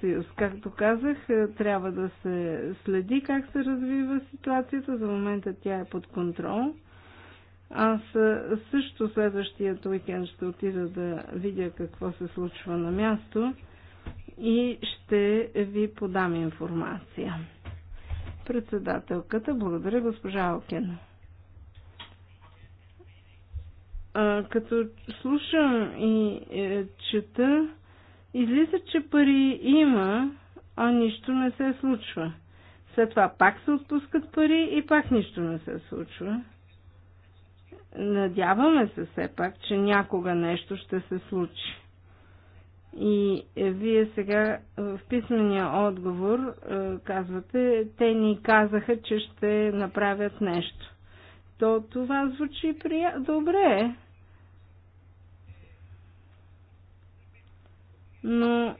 съюз. Както казах, е, трябва да се следи как се развива ситуацията. За момента тя е под контрол. Аз е, също следващият уикенд ще отида да видя какво се случва на място и ще ви подам информация. Председателката, благодаря госпожа Алкен. Като слушам и е, чета, излиза, че пари има, а нищо не се случва. След това пак се отпускат пари и пак нищо не се случва. Надяваме се все пак, че някога нещо ще се случи. И вие сега е, в писмения отговор е, казвате, те ни казаха, че ще направят нещо. То това звучи прия... добре. Но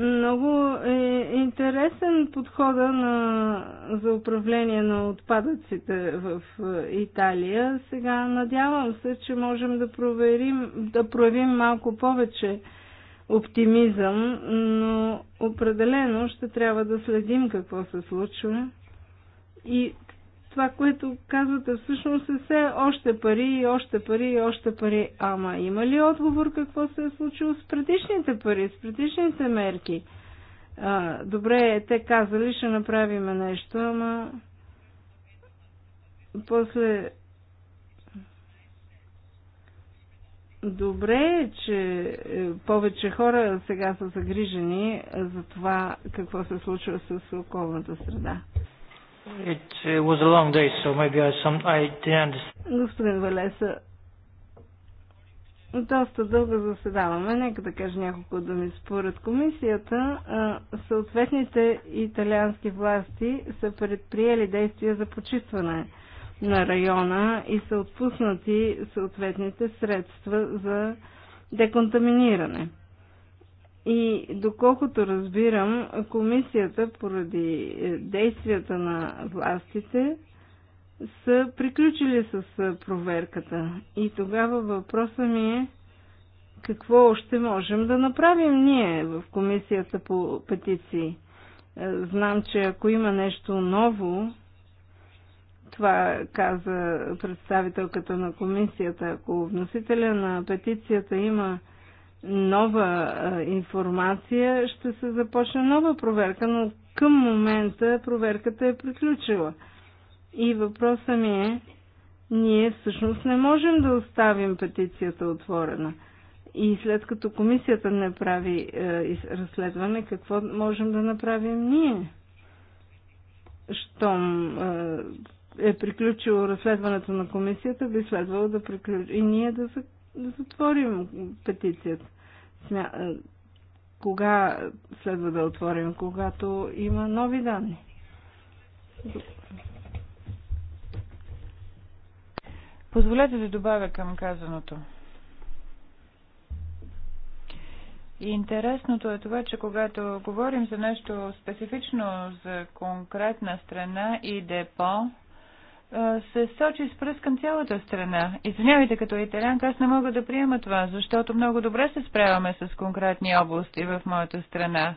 Много е интересен подхода на, за управление на отпадъците в е, Италия. Сега надявам се, че можем да, проверим, да проявим малко повече оптимизъм, но определено ще трябва да следим какво се случва и това, което казвате всъщност е все още пари и още пари и още пари. Ама има ли отговор какво се е случило с предишните пари, с предишните мерки? А, добре, те казали, ще направиме нещо, ама после добре е, че е, повече хора сега са загрижени за това какво се случва с околната среда. It was a long day, so maybe I, some, I didn't understand. Господин Валеса, доста дълго заседаваме. Нека да кажа няколко думи. Според комисията, съответните италиански власти са предприели действия за почистване на района и са отпуснати съответните средства за деконтаминиране. И доколкото разбирам, комисията поради е, действията на властите са приключили с е, проверката. И тогава въпросът ми е какво още можем да направим ние в комисията по петиции. Е, знам, че ако има нещо ново, това каза представителката на комисията, ако вносителя на петицията има нова информация, ще се започне нова проверка, но към момента проверката е приключила. И въпросът ми е, ние всъщност не можем да оставим петицията отворена. И след като комисията не прави е, разследване, какво можем да направим ние? Щом е, е приключило разследването на комисията, би следвало да приключи и ние да, за, да затворим петицията. Смя... Е, кога следва да отворим? Когато има нови данни. Позволете да добавя към казаното. И интересното е това, че когато говорим за нещо специфично за конкретна страна и депо, се сочи с пръст към цялата страна. Извинявайте, като италянка, аз не мога да приема това, защото много добре се справяме с конкретни области в моята страна.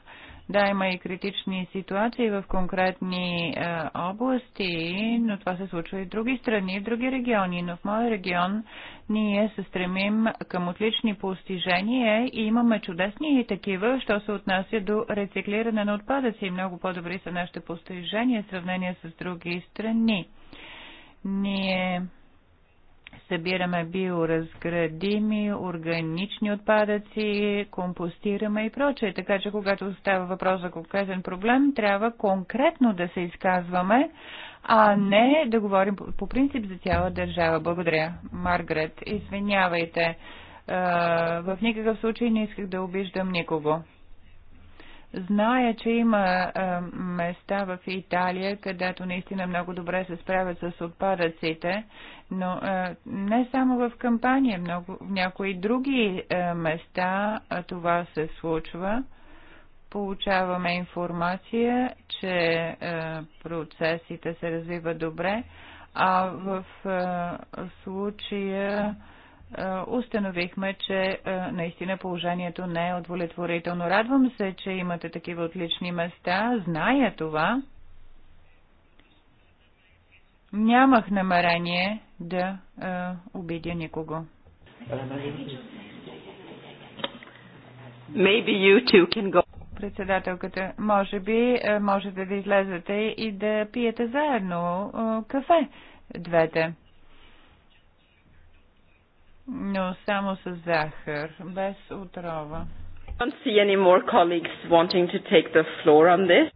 Да, има и критични ситуации в конкретни е, области, но това се случва и в други страни, в други региони. Но в моя регион ние се стремим към отлични постижения и имаме чудесни и такива, що се отнася до рециклиране на отпадъци. Много по-добри са нашите постижения в сравнение с други страни. Ние събираме биоразградими, органични отпадъци, компостираме и прочее. Така че, когато става въпрос за конкретен проблем, трябва конкретно да се изказваме, а не да говорим по принцип за цяла държава. Благодаря. Маргарет, извинявайте. В никакъв случай не исках да обиждам никого. Зная, че има а, места в Италия, където наистина много добре се справят с отпадъците, но а, не само в кампания, много, в някои други а, места а, това се случва. Получаваме информация, че а, процесите се развиват добре, а в а, случая. А, е, установихме, че е, наистина положението не е удовлетворително. Радвам се, че имате такива отлични места. Зная това. Нямах намерение да а, е, обидя никого. Maybe you can go. Председателката, може би можете да излезете и да пиете заедно кафе двете но само с захар, без отрова.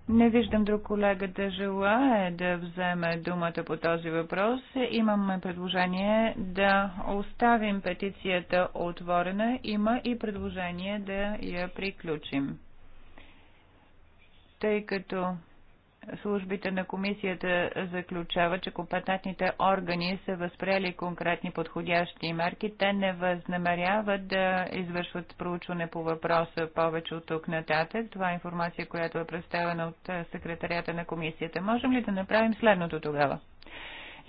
Не виждам друг колега да желае да вземе думата по този въпрос. Имаме предложение да оставим петицията отворена. Има и предложение да я приключим. Тъй като службите на комисията заключава, че компетентните органи са възприели конкретни подходящи мерки. Те не възнамеряват да извършват проучване по въпроса повече от тук нататък. Това е информация, която е представена от секретарията на комисията. Можем ли да направим следното тогава?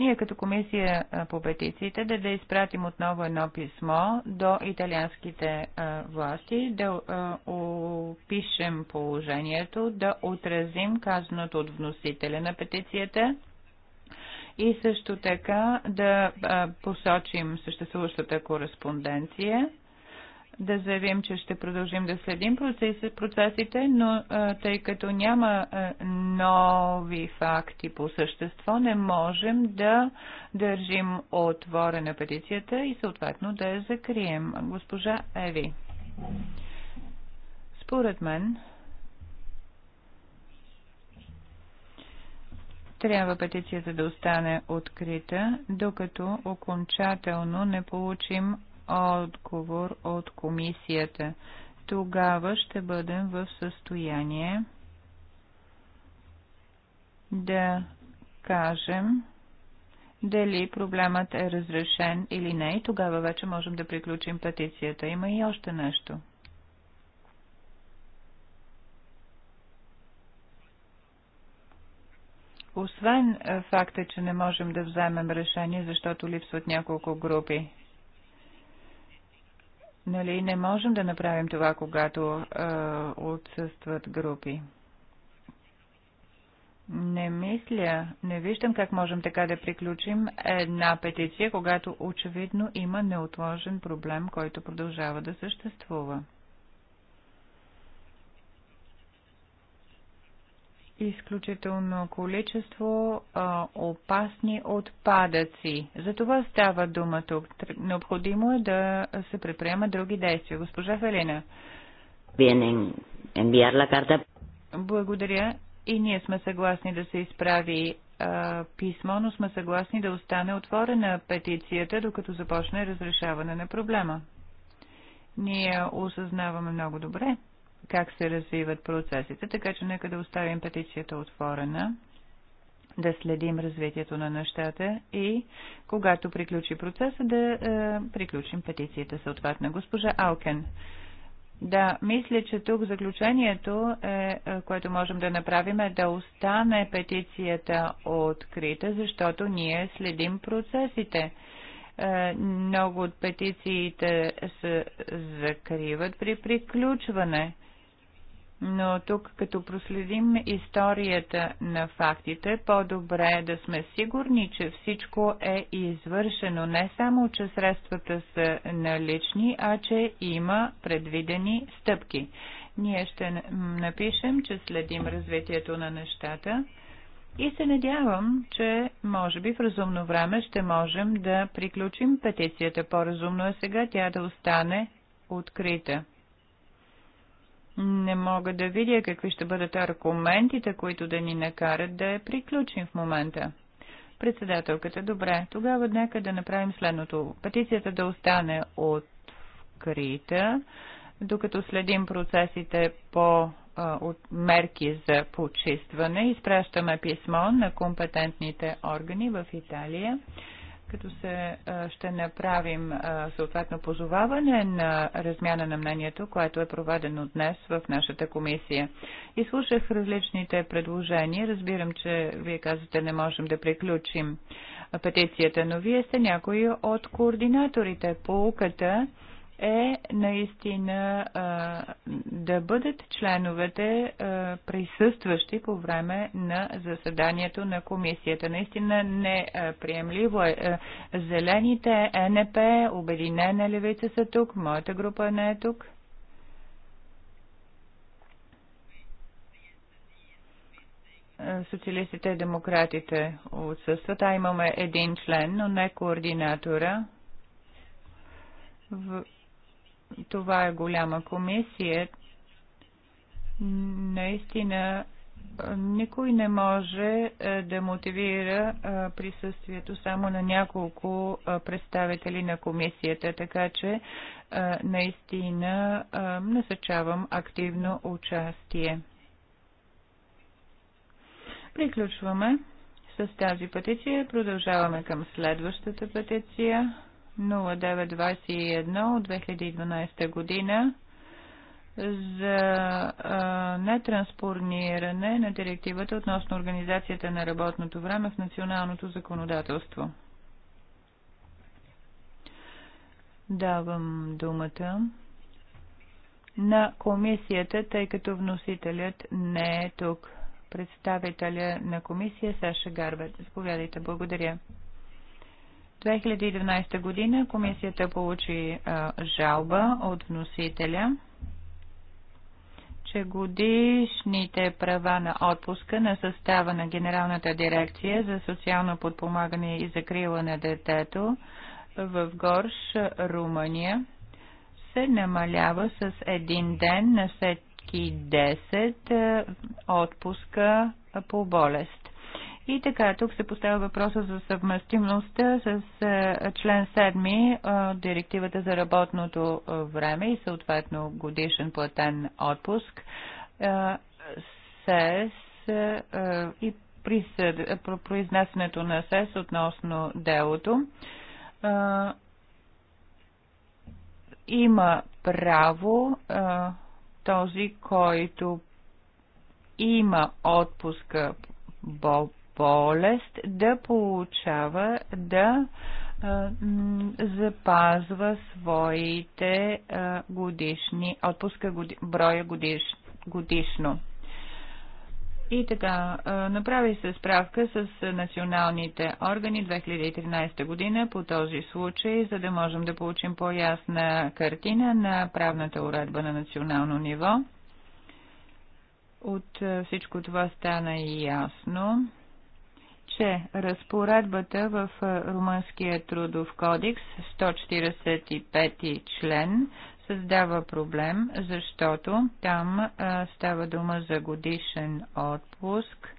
Ние като комисия по петициите да, да изпратим отново едно писмо до италианските власти, да опишем положението, да отразим казаното от вносителя на петицията и също така да посочим съществуващата кореспонденция да заявим, че ще продължим да следим процесите, но тъй като няма нови факти по същество, не можем да държим отворена петицията и съответно да я закрием. Госпожа Еви, според мен, трябва петицията да остане открита, докато окончателно не получим отговор от комисията. Тогава ще бъдем в състояние да кажем дали проблемът е разрешен или не и тогава вече можем да приключим петицията. Има и още нещо. Освен факта, че не можем да вземем решение, защото липсват няколко групи Нали, не можем да направим това, когато а, отсъстват групи. Не мисля, не виждам как можем така да приключим една петиция, когато очевидно има неотложен проблем, който продължава да съществува. изключително количество а, опасни отпадъци. За това става дума тук. Необходимо е да се предприемат други действия. Госпожа Фелина. Благодаря. И ние сме съгласни да се изправи а, писмо, но сме съгласни да остане отворена петицията, докато започне разрешаване на проблема. Ние осъзнаваме много добре, как се развиват процесите, така че нека да оставим петицията отворена, да следим развитието на нещата и когато приключи процеса, да е, приключим петицията съответно. Госпожа Алкен, да, мисля, че тук заключението, е, е което можем да направим е да остане петицията открита, защото ние следим процесите е, много от петициите се закриват при приключване но тук като проследим историята на фактите, по-добре е да сме сигурни, че всичко е извършено не само, че средствата са налични, а че има предвидени стъпки. Ние ще напишем, че следим развитието на нещата и се надявам, че може би в разумно време ще можем да приключим петицията. По-разумно е сега тя да остане открита. Не мога да видя какви ще бъдат аргументите, които да ни накарат да приключим в момента. Председателката, добре, тогава нека да направим следното. Петицията да остане открита, докато следим процесите по а, от мерки за почистване. Изпращаме писмо на компетентните органи в Италия като се ще направим съответно позоваване на размяна на мнението, което е проведено днес в нашата комисия. Изслушах различните предложения. Разбирам, че вие казвате не можем да приключим петицията, но вие сте някои от координаторите. Полуката е наистина а, да бъдат членовете а, присъстващи по време на заседанието на комисията. Наистина неприемливо е. А, зелените, НП, Обединена левица са тук, моята група не е тук. Социалистите и демократите отсъстват, а имаме един член, но не координатора. В това е голяма комисия. Наистина никой не може да мотивира присъствието само на няколко представители на комисията, така че наистина насъчавам активно участие. Приключваме с тази петиция. Продължаваме към следващата петиция. 0921 от 2012 година за а, нетранспорниране на директивата относно организацията на работното време в националното законодателство. Давам думата на комисията, тъй като вносителят не е тук. Представителя на комисия Саша Гарбет. Заповядайте. Благодаря. 2012 година комисията получи а, жалба от вносителя, че годишните права на отпуска на състава на Генералната дирекция за социално подпомагане и закрила на детето в Горш, Румъния, се намалява с един ден на всеки 10 отпуска по болест. И така, тук се поставя въпроса за съвместимостта с е, член 7 е, директивата за работното е, време и съответно годишен платен отпуск СЕС и произнесенето на СЕС относно делото. Има право този, който има отпуска болест, да получава, да запазва своите годишни, отпуска годи, броя годиш, годишно. И така, направи се справка с националните органи 2013 година по този случай, за да можем да получим по-ясна картина на правната уредба на национално ниво. От всичко това стана и ясно че разпоредбата в Румънския трудов кодекс 145 член създава проблем, защото там а, става дума за годишен отпуск,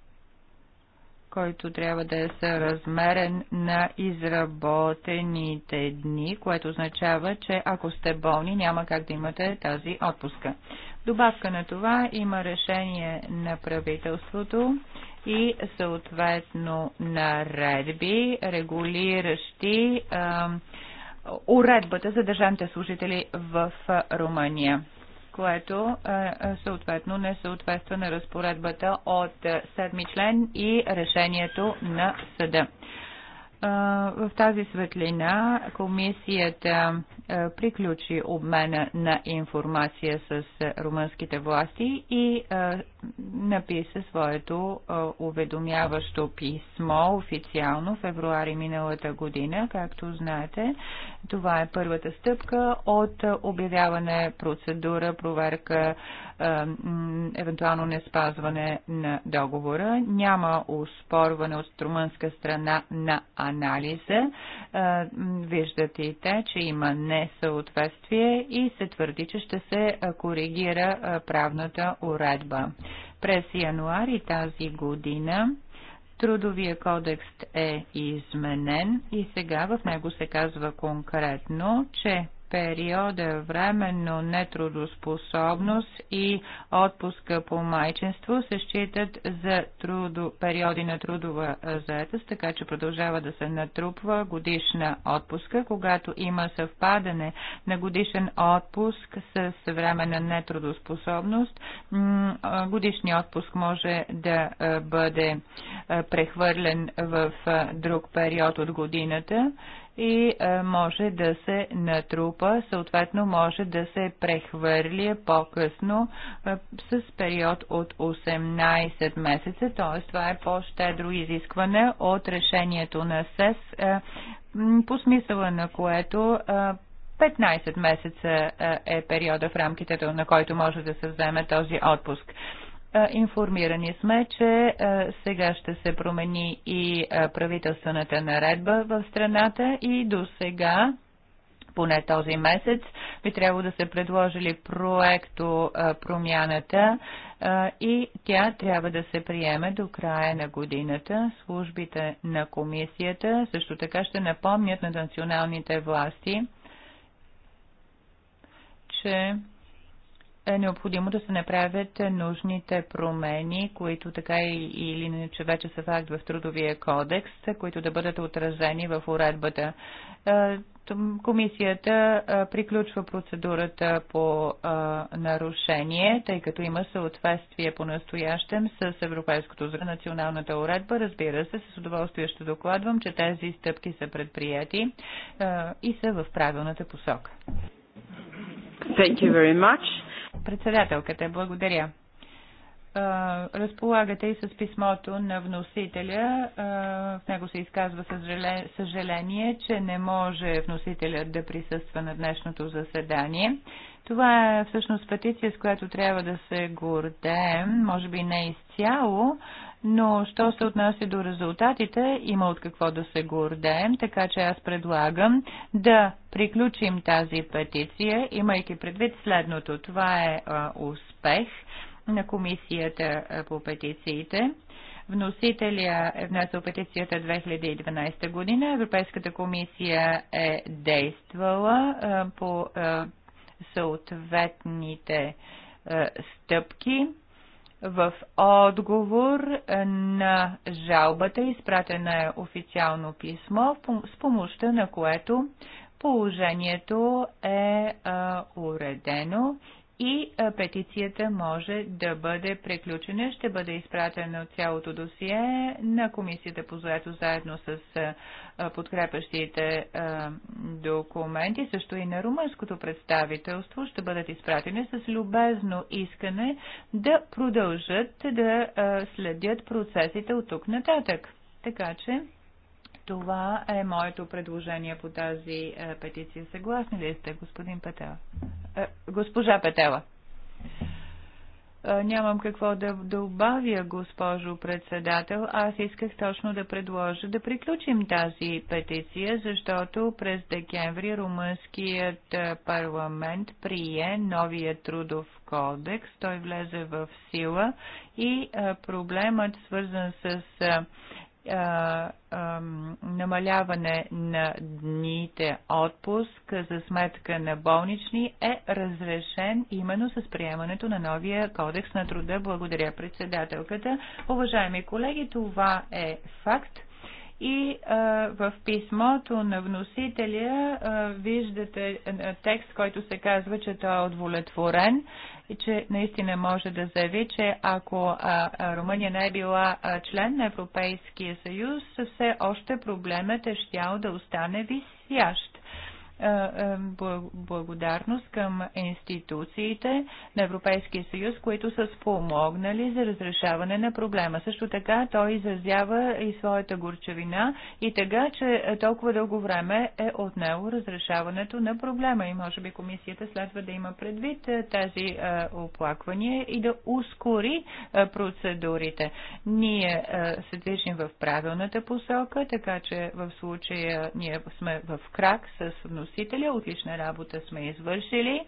който трябва да е съразмерен на изработените дни, което означава, че ако сте болни, няма как да имате тази отпуска. Добавка на това има решение на правителството и съответно наредби, регулиращи а, уредбата за държавните служители в Румъния което съответно не съответства на разпоредбата от седми член и решението на съда. В тази светлина комисията приключи обмена на информация с румънските власти и написа своето уведомяващо писмо официално в февруари миналата година. Както знаете, това е първата стъпка от обявяване процедура, проверка евентуално не спазване на договора. Няма успорване от румънска страна на анализа. Виждате и те, че има несъответствие и се твърди, че ще се коригира правната уредба. През януари тази година Трудовия кодекс е изменен и сега в него се казва конкретно, че периода е временно нетрудоспособност и отпуска по майчинство се считат за трудо, периоди на трудова заетост, така че продължава да се натрупва годишна отпуска, когато има съвпадане на годишен отпуск с временна нетрудоспособност. Годишният отпуск може да бъде прехвърлен в друг период от годината и е, може да се натрупа, съответно може да се прехвърли по-късно е, с период от 18 месеца, т.е. това е по-щедро изискване от решението на СЕС, е, по смисъла на което 15 месеца е периода в рамките на който може да се вземе този отпуск. Информирани сме, че сега ще се промени и правителствената наредба в страната и до сега поне този месец, би трябвало да се предложили проекто промяната и тя трябва да се приеме до края на годината. Службите на комисията също така ще напомнят на националните власти, че е необходимо да се направят нужните промени, които така или иначе вече са факт в трудовия кодекс, които да бъдат отразени в уредбата. Е, комисията е, приключва процедурата по е, нарушение, тъй като има съответствие по настоящем с Европейското за националната уредба. Разбира се, с удоволствие ще докладвам, че тези стъпки са предприяти и са в правилната посока. Thank you very much. Председателката, благодаря. Разполагате и с писмото на вносителя. В него се изказва съжаление, че не може вносителят да присъства на днешното заседание. Това е всъщност петиция, с която трябва да се гордеем, може би не изцяло, но що се отнася до резултатите, има от какво да се гордеем, така че аз предлагам да приключим тази петиция, имайки предвид следното. Това е а, успех на комисията по петициите. Вносителя е внесъл петицията 2012 година. Европейската комисия е действала по съответните е, стъпки в отговор е, на жалбата изпратена е официално писмо, с помощта на което положението е, е уредено и е, петицията може да бъде преключена. Ще бъде изпратено цялото досие на комисията по заето заедно с е, е, подкрепящите документи, също и на румънското представителство ще бъдат изпратени с любезно искане да продължат да следят процесите от тук нататък. Така че това е моето предложение по тази е, петиция. Съгласни ли сте, господин Петела? Е, госпожа Петела. Е, нямам какво да добавя, госпожо председател. Аз исках точно да предложа да приключим тази петиция, защото през декември румънският е, парламент прие новия трудов кодекс. Той влезе в сила и е, проблемът свързан с намаляване на дните отпуск за сметка на болнични е разрешен именно с приемането на новия кодекс на труда. Благодаря председателката. Уважаеми колеги, това е факт. И а, в писмото на вносителя а, виждате а, текст, който се казва, че той е удовлетворен и че наистина може да заяви, че ако а, Румъния не е била а, член на Европейския съюз, все още проблемът е щял да остане висящ. Е, е, благодарност към институциите на Европейския съюз, които са спомогнали за разрешаване на проблема. Също така той изразява и своята горчевина и така, че толкова дълго време е отнело разрешаването на проблема и може би комисията следва да има предвид е, тази оплаквания и да ускори процедурите. Ние се движим в правилната посока, така че в случая ние сме в крак с вносителите Спасителя, Отлична работа сме извършили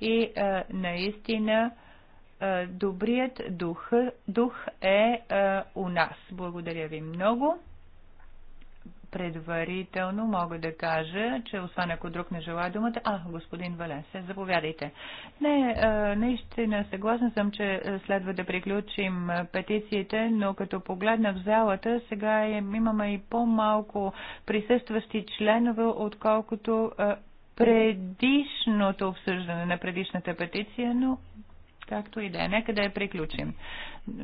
и а, наистина а, добрият дух, дух е а, у нас. Благодаря ви много предварително мога да кажа, че освен ако друг не желая думата, а, господин Валесе, заповядайте. Не, наистина съгласен съм, че следва да приключим петициите, но като погледна в залата, сега имаме и по-малко присъстващи членове, отколкото предишното обсъждане на предишната петиция, но Както и да е. Нека да я приключим.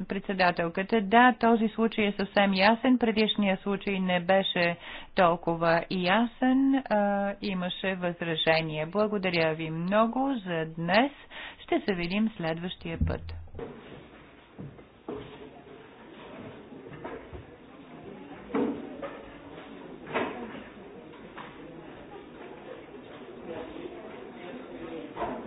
Председателката, да, този случай е съвсем ясен. Предишния случай не беше толкова ясен. А, имаше възражение. Благодаря ви много за днес. Ще се видим следващия път.